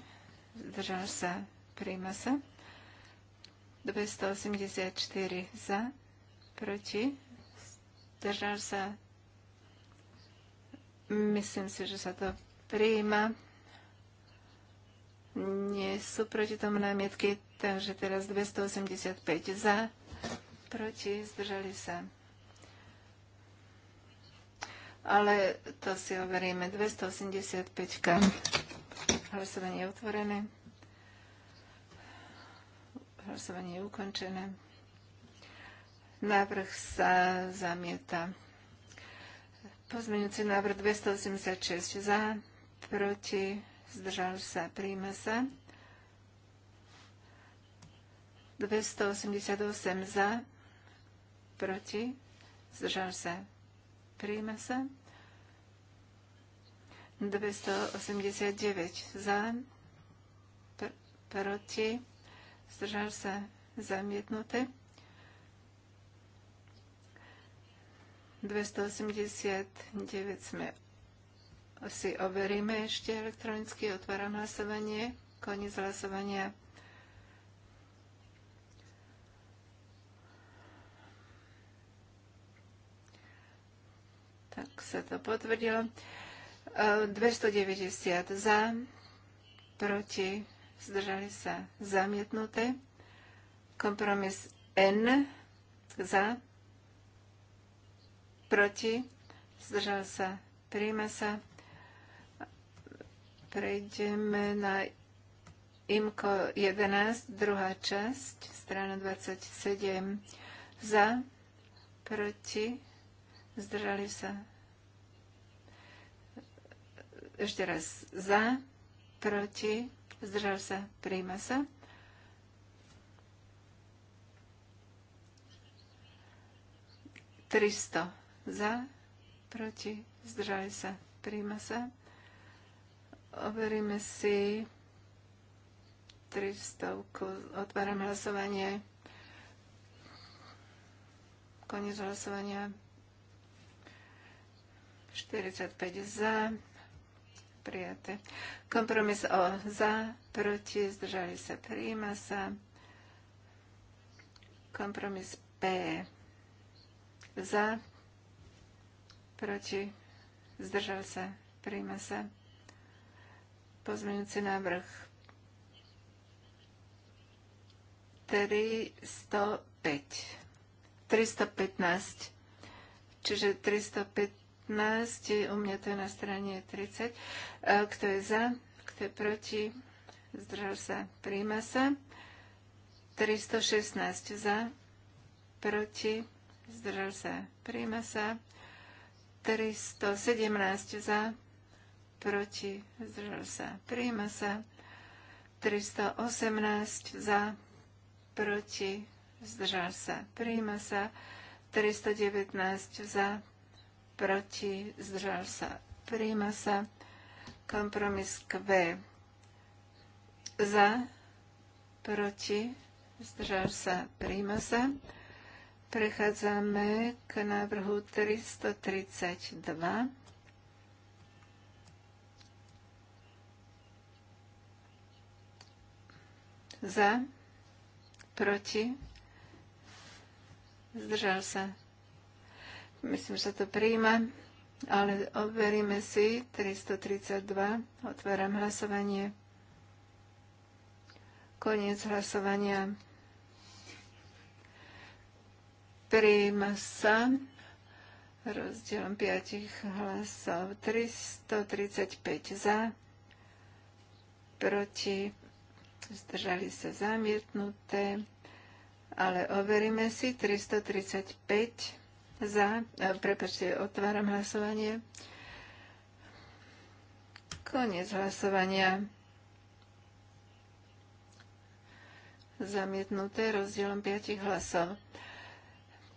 [SPEAKER 2] zdržal sa, príjma sa. 284 za, proti, zdržal sa. Myslím si, že sa to príjma. Nie sú proti tomu námietky, takže teraz 285 za, proti, zdržali sa ale to si overíme. 285K. Hlasovanie je otvorené. Hlasovanie je ukončené. Návrh sa zamieta. Pozmeňujúci návrh 286 za, proti, zdržal sa, príjme sa. 288 za, proti, zdržal sa, Príjme sa. 289 za, pr- proti, zdržal sa zamietnuté. 289 sme si overíme ešte elektronicky, otváram hlasovanie, koniec hlasovania tak sa to potvrdilo. 290 e, za, proti, zdržali sa zamietnuté. Kompromis N za, proti, zdržal sa, príjme sa. Prejdeme na IMKO 11, druhá časť, strana 27, za, proti, zdržali sa. Ešte raz za, proti, zdržal sa, príjma sa. Tristo za, proti, zdržali sa, príjma sa. Overíme si 300. Otváram hlasovanie. Koniec hlasovania. 45 za, prijaté. Kompromis o za, proti, zdržali sa, prijíma sa. Kompromis P za, proti, zdržal sa, prijíma sa. Pozmeňujúci návrh 305. 315. Čiže 305 15, u mňa to je na strane 30. E, kto je za, kto je proti, zdržal sa, príjma sa. 316 za, proti, zdržal sa, príjma sa. 317 za, proti, zdržal sa, príjma sa. 318 za, proti, zdržal sa, príjma sa. 319 za, proti, zdržal sa, príjma sa. Kompromis V. za, proti, zdržal sa, príjma sa. Prechádzame k návrhu 332. Za, proti, zdržal sa, Myslím, že sa to príjma, ale overíme si 332. Otváram hlasovanie. Koniec hlasovania. Príjma sa rozdielom 5 hlasov 335 za, proti, zdržali sa zamietnuté, ale overíme si 335. Za. E, prepačte, otváram hlasovanie. Koniec hlasovania. Zamietnuté rozdielom 5 hlasov.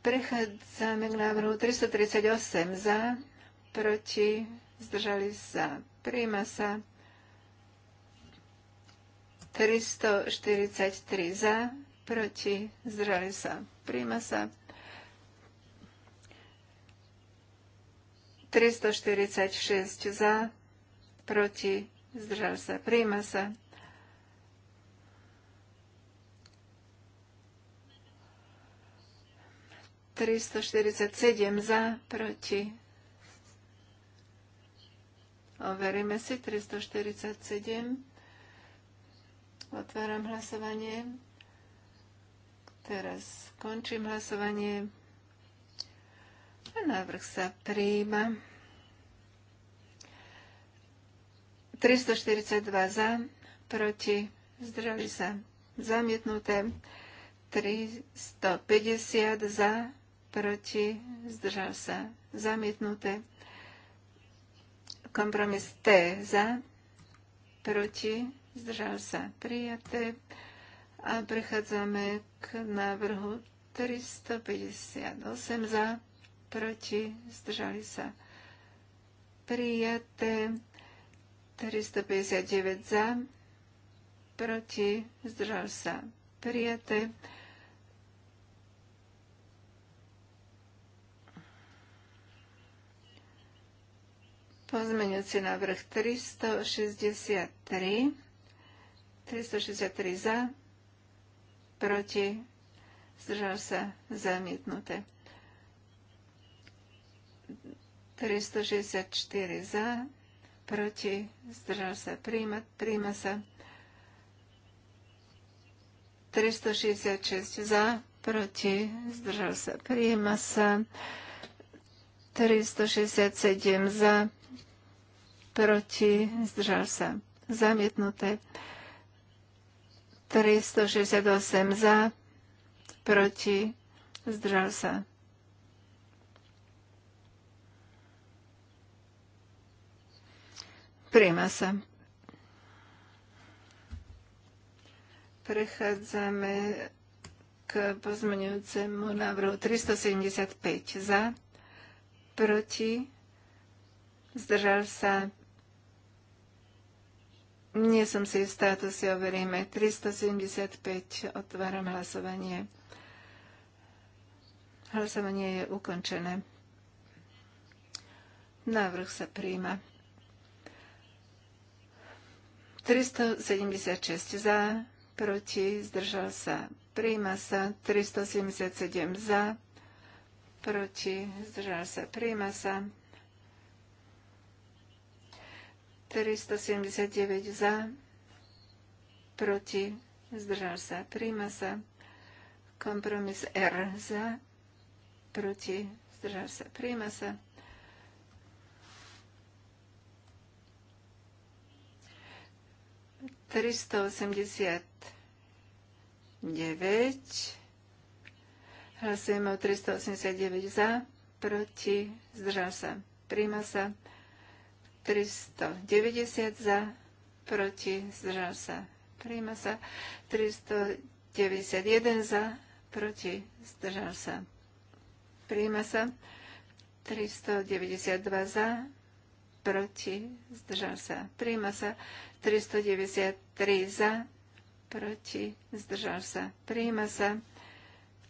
[SPEAKER 2] Prechádzame k návrhu 338 za, proti, zdržali sa, príjma sa 343 za, proti, zdržali sa, príjma sa 346 za, proti, zdržal sa, príjma sa. Tristo štyridsať sedem za, proti. Overíme si, tristo štyridsať sedem. Otváram hlasovanie. Teraz končím hlasovanie. Návrh sa prijíma. 342 za, proti, zdržali sa zamietnuté. 350 za, proti, zdržal sa zamietnuté. Kompromis T za, proti, zdržal sa prijaté. A prechádzame k návrhu 358 za, proti, zdržali sa prijaté, 359 za, proti, zdržal sa prijaté, Pozmeňujúci návrh 363. 363 za, proti, zdržal sa zamietnuté. 364 za, proti, zdržal sa, príjma, príjma sa. 366 za, proti, zdržal sa, príjma sa. 367 za, proti, zdržal sa, zamietnuté. 368 za, proti, zdržal sa, Prijíma sa. Prechádzame k pozmeňujúcemu návrhu 375 za, proti, zdržal sa, nie som si istá, to si overíme, 375, otváram hlasovanie. Hlasovanie je ukončené. Návrh sa príjma. 376 za, proti, zdržal sa, príjma sa, 377 za, proti, zdržal sa, príjma sa, 379 za, proti, zdržal sa, príjma sa, kompromis R za, proti, zdržal sa, príjma sa, 389. Hlasujeme o 389 za, proti, zdržal sa, príjma sa. 390 za, proti, zdržal sa, príjma sa. 391 za, proti, zdržal sa, príjma sa. 392 za, proti, zdržal sa, príjma sa, 393 za, proti, zdržal sa, príjma sa,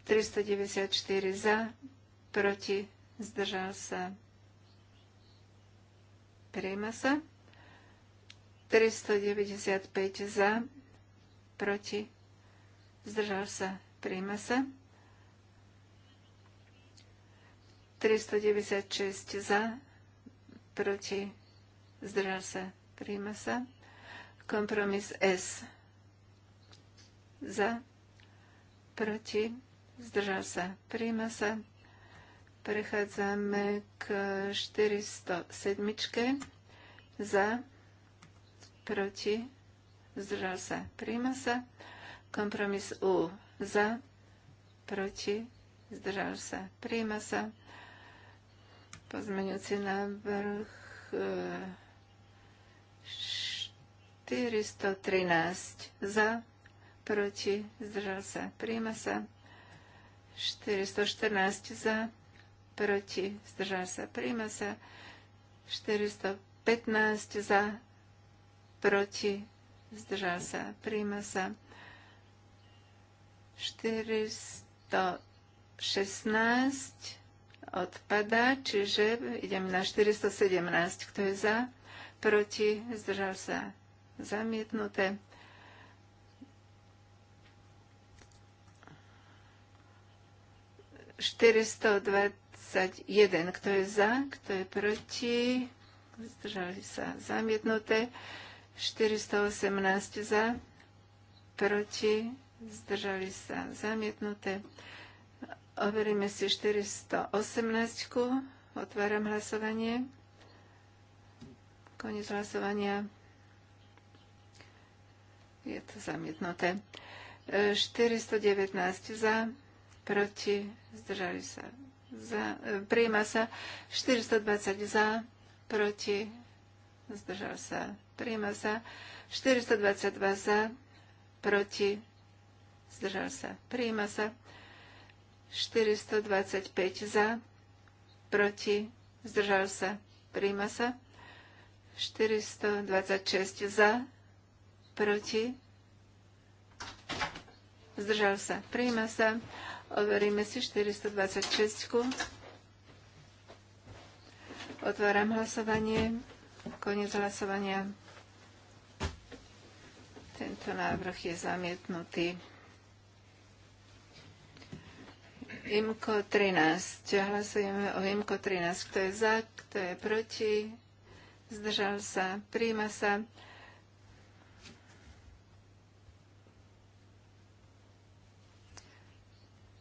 [SPEAKER 2] 394 za, proti, zdržal sa, príjma sa, 395 za, proti, zdržal sa, príjma sa, 396 za, proti, zdržal sa, príjme sa. Kompromis S za, proti, zdržal sa, príjme sa. Prechádzame k 407. Za, proti, zdržal sa, príjme sa. Kompromis U za, proti, zdržal sa, príjme sa. Pozmeňujúci návrh 413 eh, za, proti, zdržal sa, príjma sa. 414 za, proti, zdržal sa, príjma sa. 415 za, proti, zdržal sa, príjma sa. 416 odpada, čiže idem na 417. Kto je za? Proti? Zdržal sa? Zamietnuté. jeden. Kto je za? Kto je proti? Zdržali sa zamietnuté. 418 za, proti, zdržali sa zamietnuté. Overíme si 418. Otváram hlasovanie. Koniec hlasovania. Je to zamietnuté. 419 e, za, proti, zdržali sa. Za, e, prijíma sa 420 za, proti, zdržal sa. Prijíma sa 422 za, proti, zdržal sa. Prijíma sa 425 za, proti, zdržal sa, príjma sa. 426 za, proti, zdržal sa, príjma sa. Overíme si 426. -ku. Otváram hlasovanie. Konec hlasovania. Tento návrh je zamietnutý. IMKO 13. Hlasujeme o IMKO 13. Kto je za, kto je proti? Zdržal sa, príjma sa.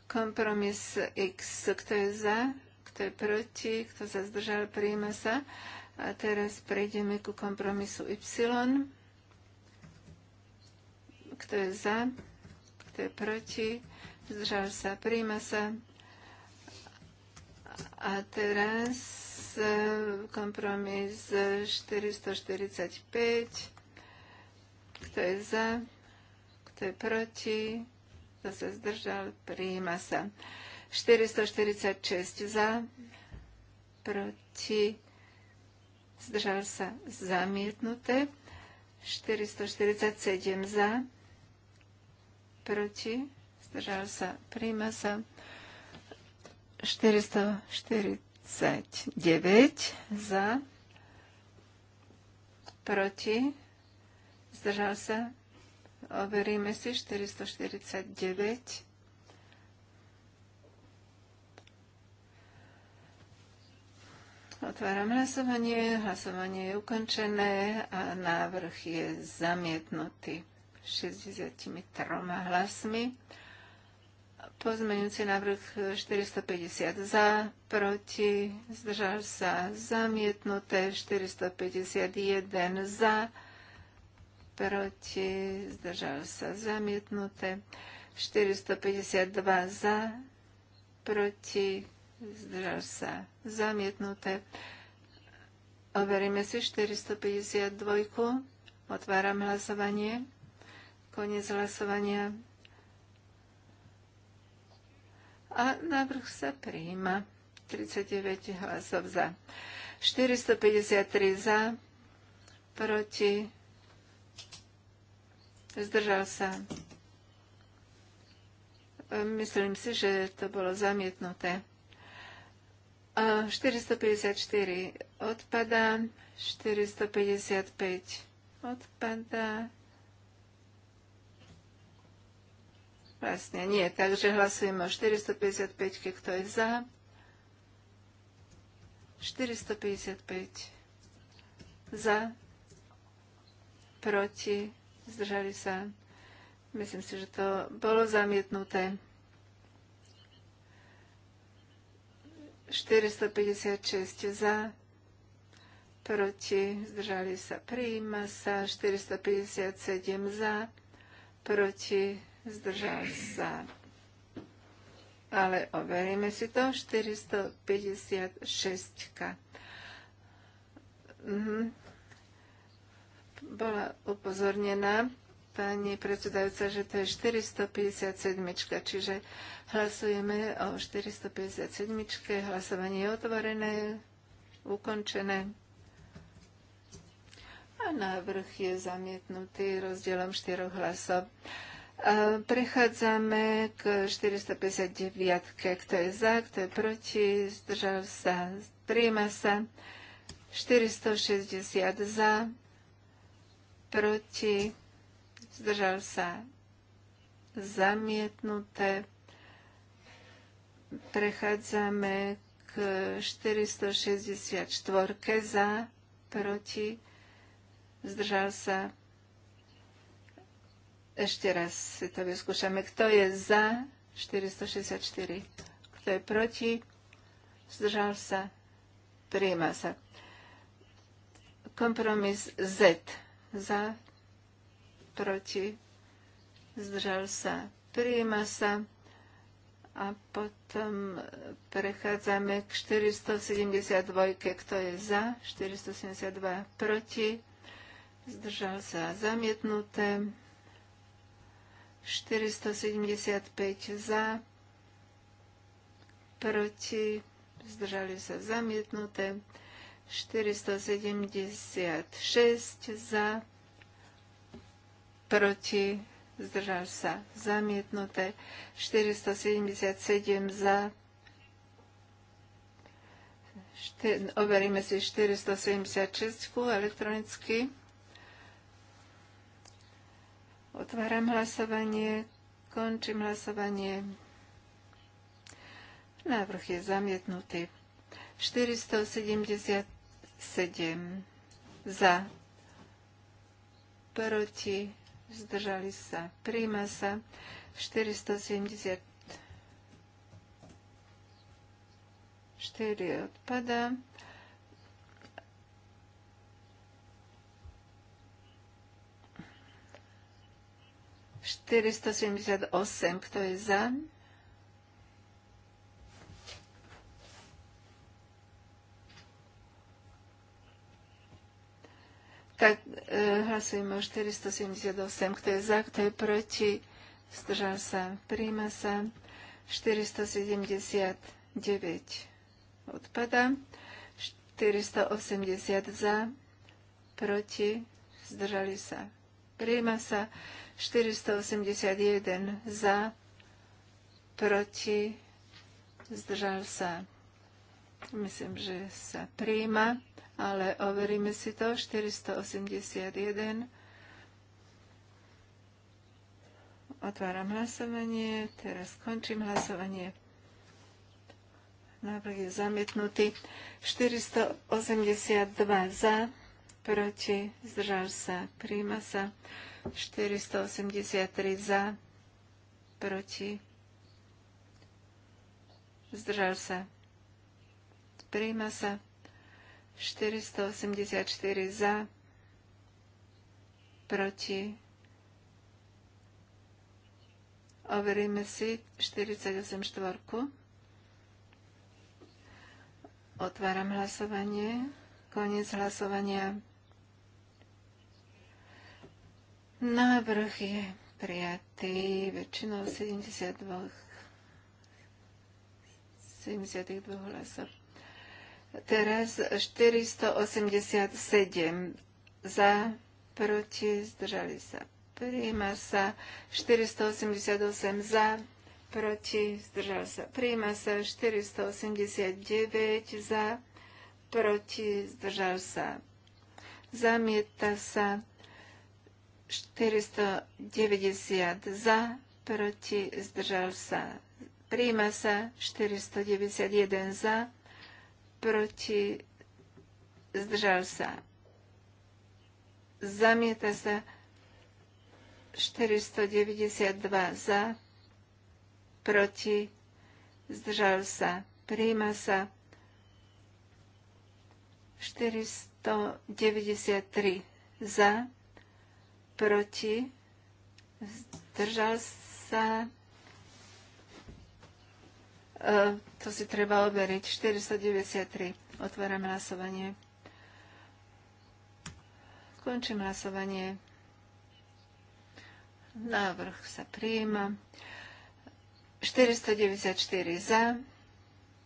[SPEAKER 2] Kompromis X. Kto je za, kto je proti, kto sa zdržal, príjma sa. A teraz prejdeme ku kompromisu Y. Kto je za, kto je proti? zdržal sa, príjme sa. A teraz e, kompromis 445. Kto je za? Kto je proti? Kto sa zdržal? Prijíma sa. 446 za, proti, zdržal sa zamietnuté. 447 za, proti, zdržal sa, sa. 449 za, proti, zdržal sa, overíme si 449 Otváram hlasovanie. Hlasovanie je ukončené a návrh je zamietnutý 63 hlasmi. Pozmeňujúci návrh 450 za, proti, zdržal sa zamietnuté, 451 za, proti, zdržal sa zamietnuté, 452 za, proti, zdržal sa zamietnuté. Overíme si 452. Otváram hlasovanie. Koniec hlasovania a návrh sa prijíma. 39 hlasov za. 453 za, proti, zdržal sa. Myslím si, že to bolo zamietnuté. 454 odpadá, 455 odpadá, Vlastne nie, takže hlasujeme o 455, kto je za. 455 za, proti, zdržali sa. Myslím si, že to bolo zamietnuté. 456 za, proti, zdržali sa, prijíma sa, 457 za, proti, zdržal sa. Ale overíme si to. 456. Mhm. Bola upozornená pani predsedajúca, že to je 457, čiže hlasujeme o 457. Hlasovanie je otvorené, ukončené. A návrh je zamietnutý rozdielom štyroch hlasov. E, prechádzame k 459. Kto je za, kto je proti, zdržal sa, príjma sa. 460 za, proti, zdržal sa, zamietnuté. Prechádzame k 464 za, proti, zdržal sa, ešte raz si to vyskúšame. Kto je za 464? Kto je proti? Zdržal sa? Prijíma sa. Kompromis Z. Za? Proti? Zdržal sa? Prijíma sa a potom prechádzame k 472, kto je za, 472 proti, zdržal sa zamietnuté, 475 za, proti, zdržali sa zamietnuté, 476 za, proti, zdržal sa zamietnuté, 477 za, overíme si 476 elektronicky. Otváram hlasovanie. Končím hlasovanie. Návrh je zamietnutý. 477 za, proti, zdržali sa, príjma sa. 474 odpada. 478, kto je za? Tak e, hlasujeme o 478, kto je za, kto je proti, zdržal sa, príjma sa. 479 odpada, 480 za, proti, zdržali sa, príjma sa. 481 za, proti, zdržal sa. Myslím, že sa príjma, ale overíme si to. 481. Otváram hlasovanie, teraz končím hlasovanie. Návrh je zamietnutý. 482 za, proti, zdržal sa, príjma sa. 483 za, proti, zdržal sa. Príjma sa 484 za, proti, overíme si 48 štvorku. Otváram hlasovanie. Koniec hlasovania. Návrh je prijatý väčšinou 72 72 hlasov. Teraz 487 za, proti, zdržali sa. Príjma sa 488 za, proti, zdržal sa. Príjma sa 489 za, proti, zdržal sa. Zamieta sa 490 za, proti, zdržal sa. Príjma sa 491 za, proti, zdržal sa. Zamieta sa 492 za, proti, zdržal sa. Príjma sa 493 za, proti, zdržal sa, e, to si treba overiť, 493. Otváram hlasovanie. Končím hlasovanie. Návrh sa prijíma. 494 za,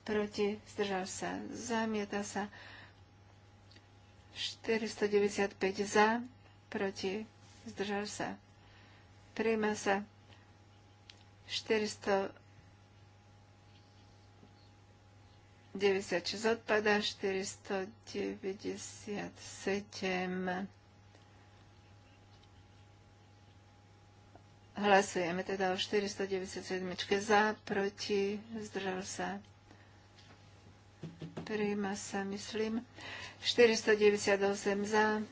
[SPEAKER 2] proti, zdržal sa, zamieta sa. 495 za, proti, zdržal sa, príjma sa 496 odpada, 497 Hlasujeme teda o 497 za, proti, zdržal sa. Príjma sa, myslím. 498 za,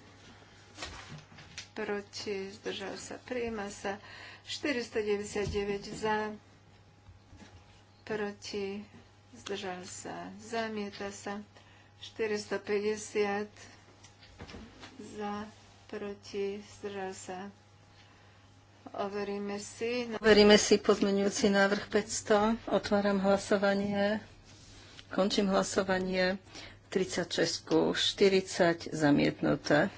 [SPEAKER 2] proti, zdržal sa, prijíma sa. 499 za, proti, zdržal sa, zamieta sa. 450 za, proti, zdržal sa. Overíme si.
[SPEAKER 1] Overíme si pozmenujúci návrh 500. Otváram hlasovanie. Končím hlasovanie. 36 40 zamietnuté.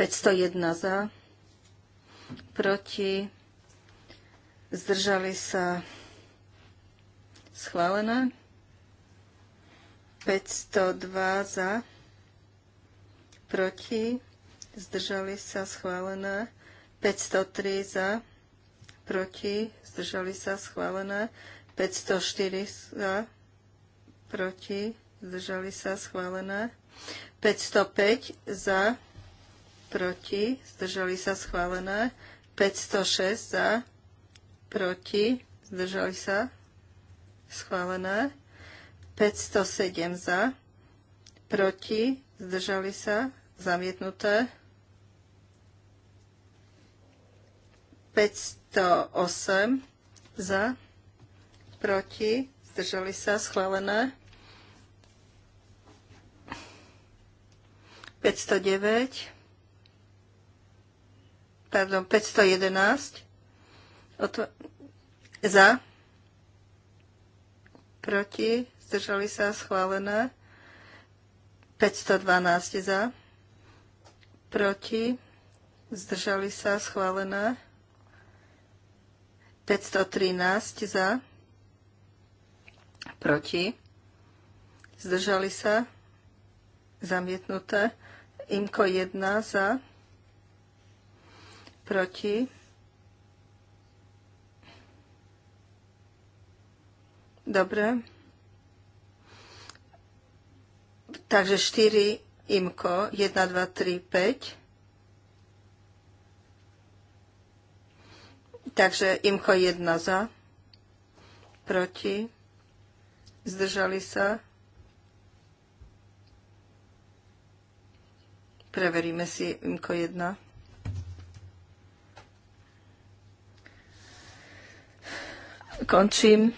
[SPEAKER 1] 501 za, proti, zdržali sa schválené, 502 za, proti, zdržali sa schválené, 503 za, proti, zdržali sa schválené, 504 za, proti, zdržali sa schválené, 505 za, proti, zdržali sa schválené, 506 za, proti, zdržali sa schválené, 507 za, proti, zdržali sa, zamietnuté, 508 za, proti, zdržali sa, schválené, 509 pardon, 511 otv- za, proti, zdržali sa schválené, 512 za, proti, zdržali sa schválené, 513 za, proti, zdržali sa, zamietnuté, IMKO 1 za, proti, dobre, takže 4 imko, 1, 2, 3, 5, Takže imko 1 za, proti, zdržali sa. Preveríme si imko 1. Končím.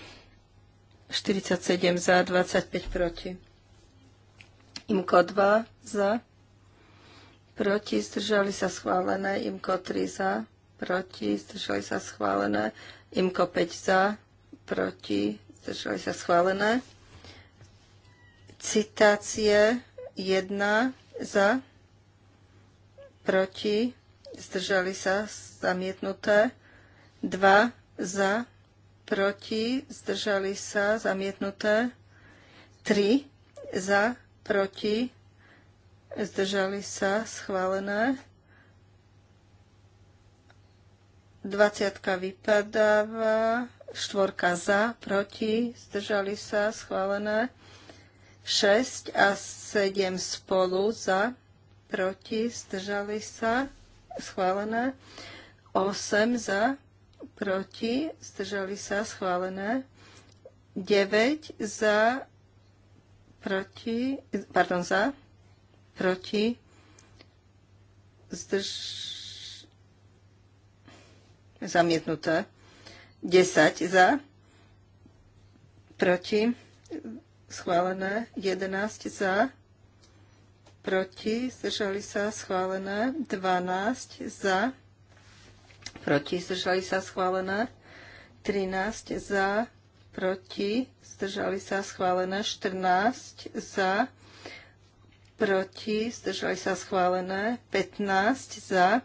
[SPEAKER 1] 47 za, 25 proti. Imko 2 za, proti, zdržali sa schválené. Imko 3 za, proti, zdržali sa schválené. Imko 5 za, proti, zdržali sa schválené. Citácie 1 za, proti, zdržali sa zamietnuté. 2 za, proti, zdržali sa, zamietnuté. 3 za, proti, zdržali sa, schválené. 20 vypadáva, štvorka za, proti, zdržali sa, schválené. 6 a 7 spolu za, proti, zdržali sa, schválené. 8 za, proti, zdržali sa, schválené. 9 za, proti, pardon, za, proti, zdrž, zamietnuté. 10 za, proti, schválené. 11 za, proti, zdržali sa, schválené. 12 za, proti, zdržali sa schválené. 13 za, proti, zdržali sa schválené. 14 za, proti, zdržali sa schválené. 15 za,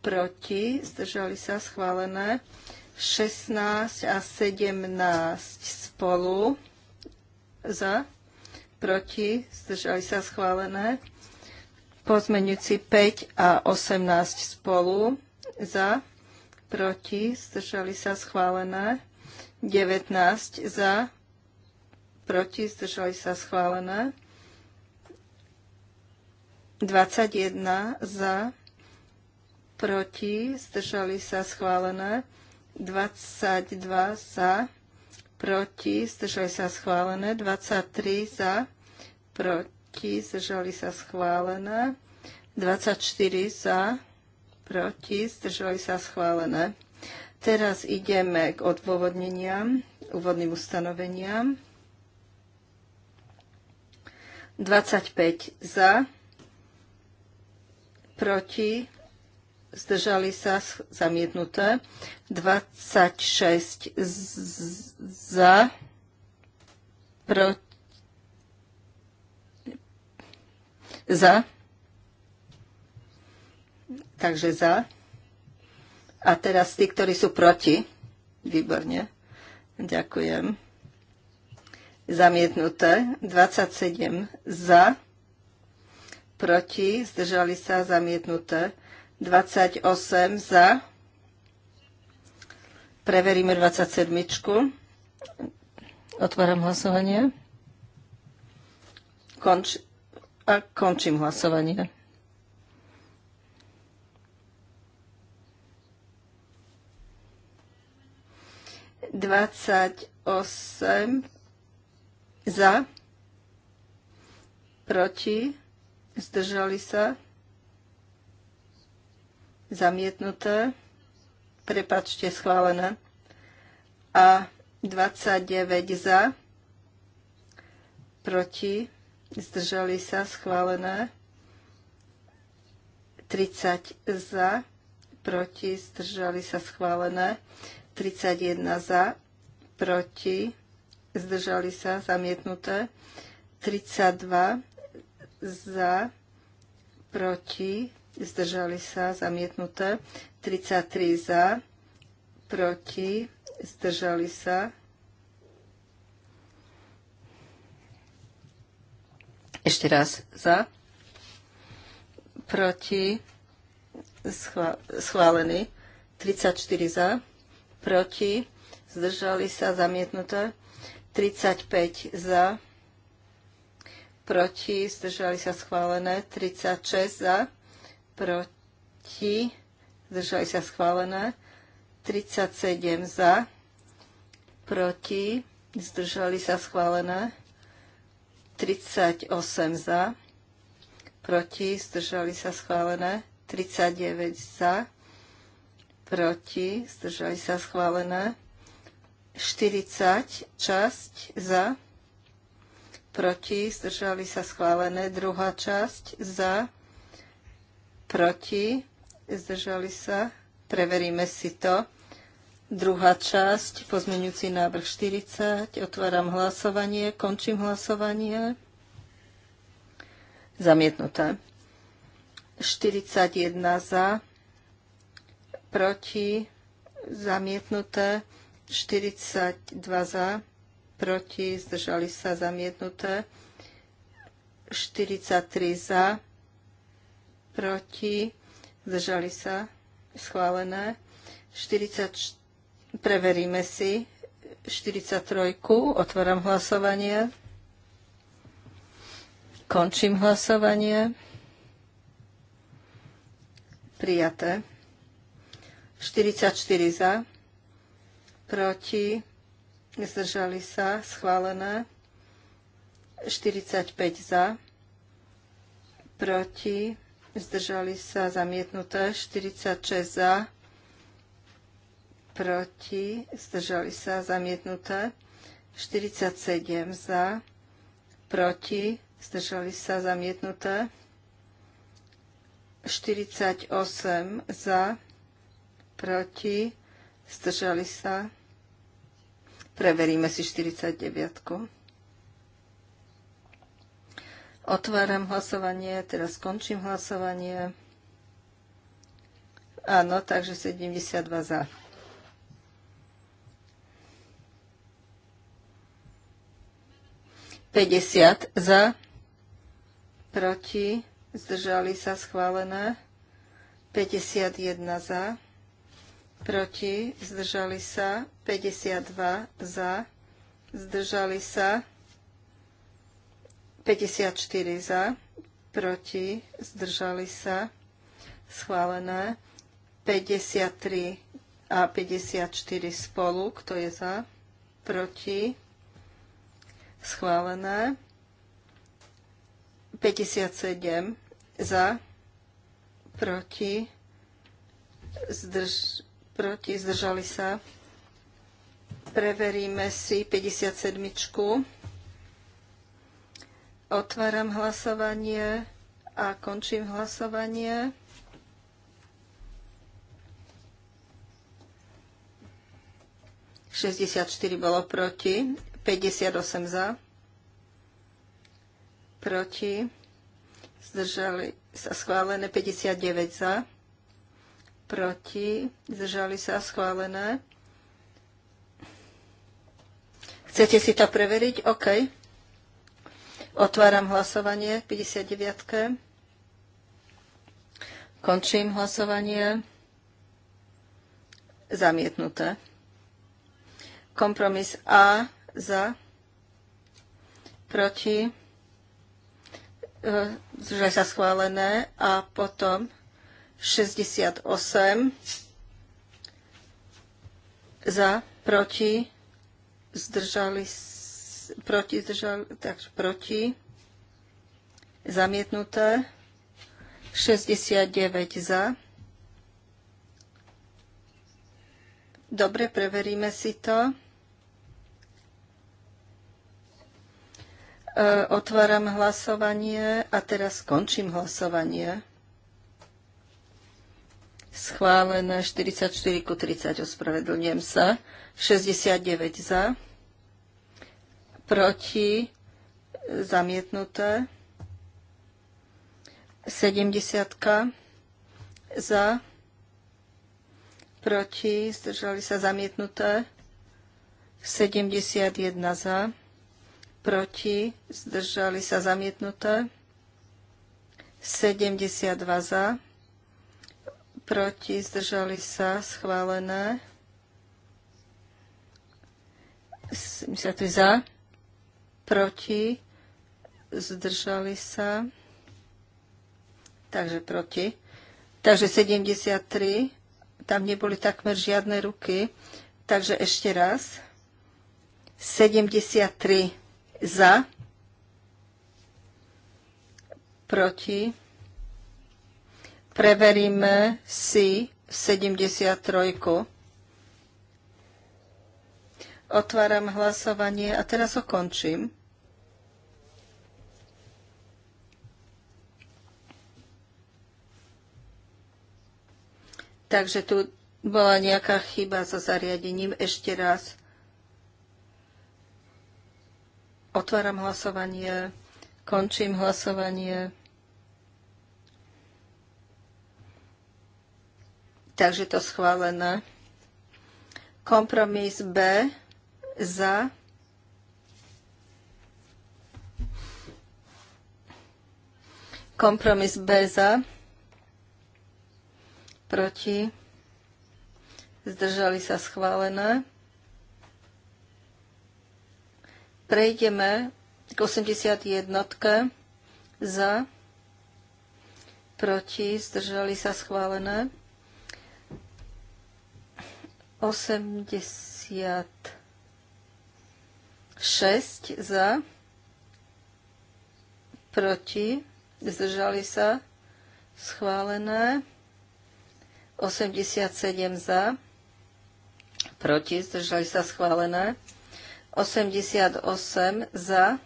[SPEAKER 1] proti, zdržali sa schválené. 16 a 17 spolu za, proti, zdržali sa schválené. Pozmeňujúci 5 a 18 spolu za, proti, zdržali sa schválené. 19 za, proti, zdržali sa schválené. 21 za, proti, zdržali sa schválené. 22 za, proti, zdržali sa schválené. 23 za, proti, zdržali sa schválené. 24 za, proti, zdržali sa schválené. Teraz ideme k odôvodneniam, úvodným ustanoveniam. 25 za, proti, zdržali sa zamietnuté, 26 za, proti, za, Takže za. A teraz tí, ktorí sú proti. Výborne. Ďakujem. Zamietnuté. 27 za. Proti. Zdržali sa. Zamietnuté. 28 za. Preveríme 27. Otváram hlasovanie. Konč- a končím hlasovanie. 28 za, proti, zdržali sa, zamietnuté, prepačte, schválené, a 29 za, proti, zdržali sa, schválené, 30 za, proti, zdržali sa, schválené, 31 za, proti, zdržali sa, zamietnuté. 32 za, proti, zdržali sa, zamietnuté. 33 za, proti, zdržali sa. Ešte raz za, proti, schválený. 34 za, proti, zdržali sa zamietnuté, 35 za, proti, zdržali sa schválené, 36 za, proti, zdržali sa schválené, 37 za, proti, zdržali sa schválené, 38 za, proti, zdržali sa schválené, 39 za, proti, zdržali sa schválené. 40 časť za, proti, zdržali sa schválené. Druhá časť za, proti, zdržali sa. Preveríme si to. Druhá časť, pozmeňujúci návrh 40. Otváram hlasovanie, končím hlasovanie. Zamietnuté. 41 za, proti, zamietnuté, 42 za, proti, zdržali sa, zamietnuté, 43 za, proti, zdržali sa, schválené, 40, preveríme si, 43, otváram hlasovanie, končím hlasovanie, prijaté. 44 za, proti, zdržali sa, schválené. 45 za, proti, zdržali sa, zamietnuté. 46 za, proti, zdržali sa, zamietnuté. 47 za, proti, zdržali sa, zamietnuté. 48 za, proti, zdržali sa. Preveríme si 49. Otváram hlasovanie, teraz skončím hlasovanie. Áno, takže 72 za. Päťdesiat za, proti, zdržali sa schválené, 51 za proti, zdržali sa, 52 za, zdržali sa, 54 za, proti, zdržali sa, schválené, 53 a 54 spolu, kto je za, proti, schválené, 57 za, proti, zdržali proti, zdržali sa. Preveríme si 57. Otváram hlasovanie a končím hlasovanie. Šesťdesiatštyri bolo proti, 58 za, proti, zdržali sa schválené 59 za, proti, zdržali sa schválené. Chcete si to preveriť? OK. Otváram hlasovanie 59. Končím hlasovanie. Zamietnuté. Kompromis A za, proti, e, zdržali sa schválené a potom 68 za, proti, zdržali, proti, zdržali, tak proti, zamietnuté, 69 za. Dobre, preveríme si to. E, otváram hlasovanie a teraz skončím hlasovanie schválené 44 ku 30, ospravedlňujem sa, 69 za, proti, zamietnuté, 70 za, proti, zdržali sa zamietnuté, 71 za, proti, zdržali sa zamietnuté, 72 za, proti, zdržali sa, schválené. 73 za, proti, zdržali sa, takže proti. Takže 73, tam neboli takmer žiadne ruky, takže ešte raz. 73 za, proti, Preveríme si 73. Otváram hlasovanie a teraz ho končím. Takže tu bola nejaká chyba so zariadením. Ešte raz. Otváram hlasovanie. Končím hlasovanie. takže to schválené. Kompromis B za kompromis B za proti zdržali sa schválené. Prejdeme k 81 za proti zdržali sa schválené. 86 za, proti, zdržali sa, schválené. 87 za, proti, zdržali sa, schválené. 88 za,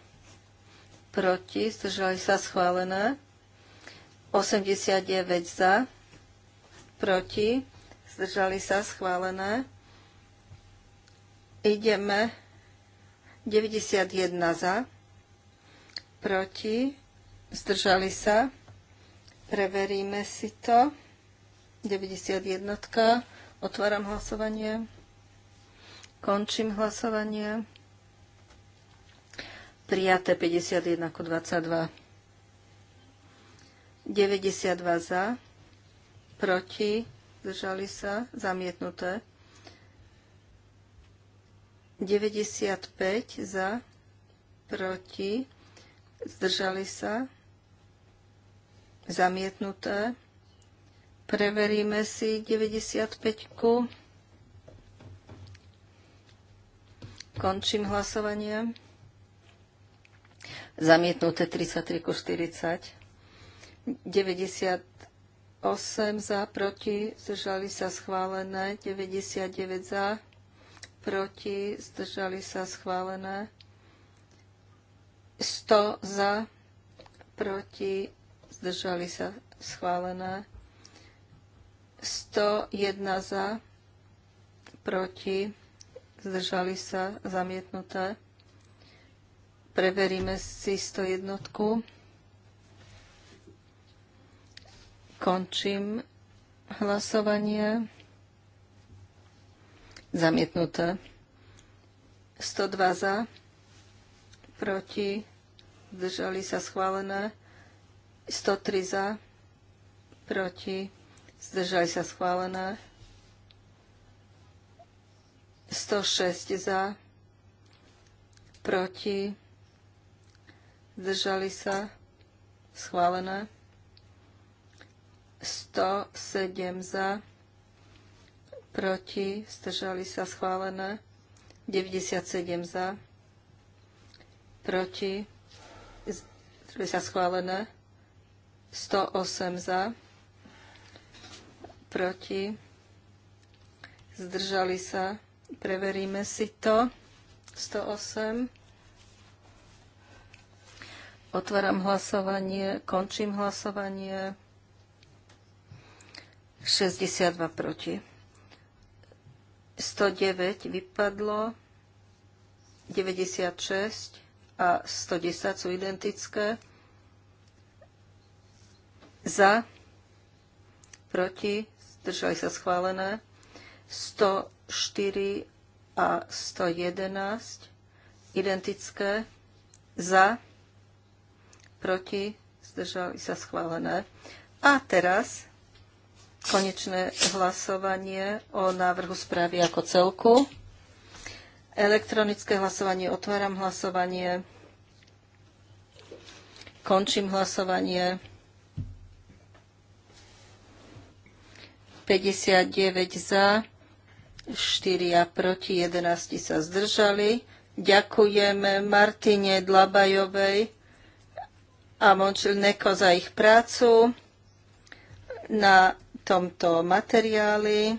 [SPEAKER 1] proti, zdržali sa, schválené. 89 za, proti, zdržali sa schválené. Ideme 91 za, proti, zdržali sa, preveríme si to. 91. Otváram hlasovanie. Končím hlasovanie. Prijaté 51 ako 22. 92 za, proti, zdržali sa, zamietnuté. 95 za, proti, zdržali sa, zamietnuté. Preveríme si 95. -ku. Končím hlasovanie. Zamietnuté 33 ku 40. 8 za, proti, zdržali sa schválené, 99 za, proti, zdržali sa schválené, 100 za, proti, zdržali sa schválené, 101 za, proti, zdržali sa zamietnuté. Preveríme si 101. Končím hlasovanie. Zamietnuté. 102 za. Proti. Zdržali sa schválené. 103 za. Proti. Zdržali sa schválené. 106 za. Proti. Zdržali sa schválené. 107 za, proti, zdržali sa schválené, 97 za, proti, zdržali sa schválené, 108 za, proti, zdržali sa, preveríme si to, 108. Otváram hlasovanie, končím hlasovanie. 62 proti. 109 vypadlo, 96 a 110 sú identické. Za, proti, zdržali sa schválené. 104 a 111 identické. Za, proti, zdržali sa schválené. A teraz konečné hlasovanie o návrhu správy ako celku. Elektronické hlasovanie, otváram hlasovanie, končím hlasovanie. 59 za, 4 a proti, 11 sa zdržali. Ďakujeme Martine Dlabajovej a Mončil Neko za ich prácu na tomto materiáli.